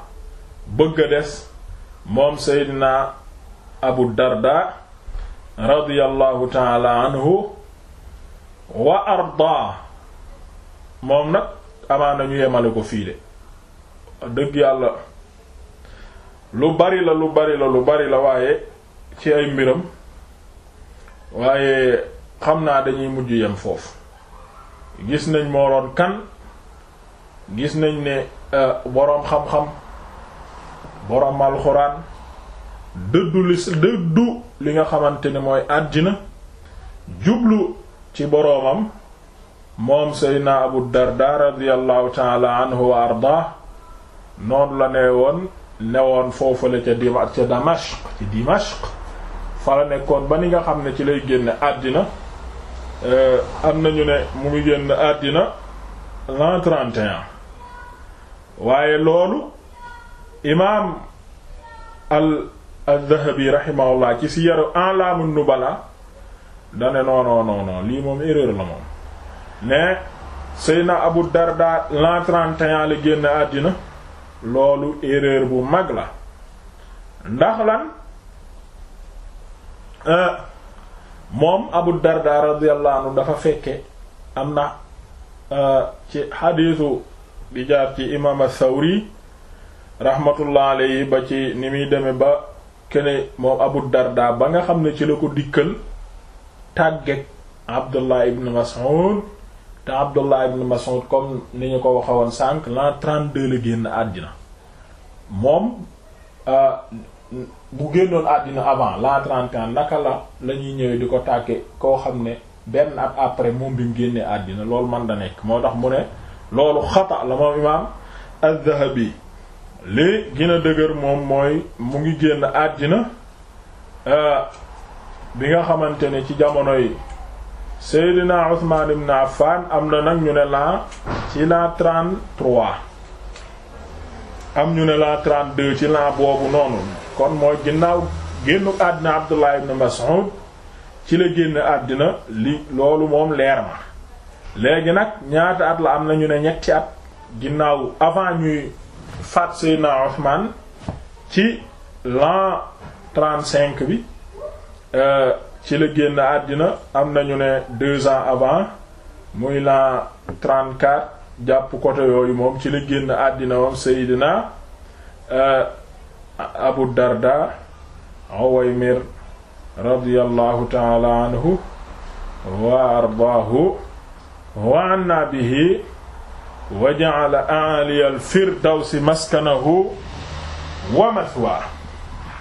bëgg a des moom Seydina Abu Darda radiyallahu taala anhu wa arda moom nag amaana ñu yemale ko fii de dëgg yàlla lu bari la lu bari la lu bari la waaye ci ay mbiram waaye xam naa dañuy mujj yem foofu gis nañ moo doon kan gis nañ ne euh, boroom xam-xam boroom alxuraan dëddu li dëddu li nga xamante ne mooy àddina jublu ci boroomam moom seydna abu darda radiallahu taala anhu wa arda noonu la nee woon newoon foofale ca dima ca damashq ci dimashq fa la nekkoon ba ni nga xam ne ci lay génne àddina eh, am nañu ne mu ngi génn àddina l'an 31 waaye loolu imaam al al-Dhahabi rahimahullah ci siyaru a'lamun nubala dane non non non non lii moom erreur la moom ne Seydina Abu Darda l'an 31 la génn àddina loolu erreur bu mag la ndax lan euh, moom Abu Darda radiyallahu anhu dafa fekke am na euh, ci xadiisu di jaar ci imaam as-Sawri rahmatullah alayhi ba ci ni muy demee ba kene moom Abu Darda ba nga xam ne ci la ko dikkal tàggeek Abdullah ibn Mas'ud temps Abdullah ibn Mas'ud comme ni ñu ko waxee woon sànq l'an 32 la génn àddina moom euh, bu génnoon àddina avant l'an naka la la ñuy ñëwee di ko tàkke koo xam ne benn at après moom bi mu génnee àddina loolu man da nekk moo tax mu ne loolu xata la moom imaam Az-Zahabi li gën a dëgër moom mooy mu ngi génn àddina euh, bi nga xamante ne ci jamono yi Seydina Ousmane Ibn Affan am na nag ñu ne la ci la 33 am ñu ne la 32 ci la boobu noonu kon mooy ginnaaw génnu àddina Abdullah ibn Mas'ud ci la génn àddina li loolu moom leer ma léegi nag ñaata at la am na ñu ne ñetti at ginnaaw avant ñuy faat Seydina Ousmane ci l'an 35 bi. Euh, ci la génn àddina am nañu ne deux ans avant muy l'an 34 jàpp côté yooyu moom ci la génn àddina moom Seydina euh, Abu Darda Uwaymir radiyallahu taala anhu wa ardaahu wa anna bihi wa ja'ala a'liyal firdawsi maskanahu wa mathwaahu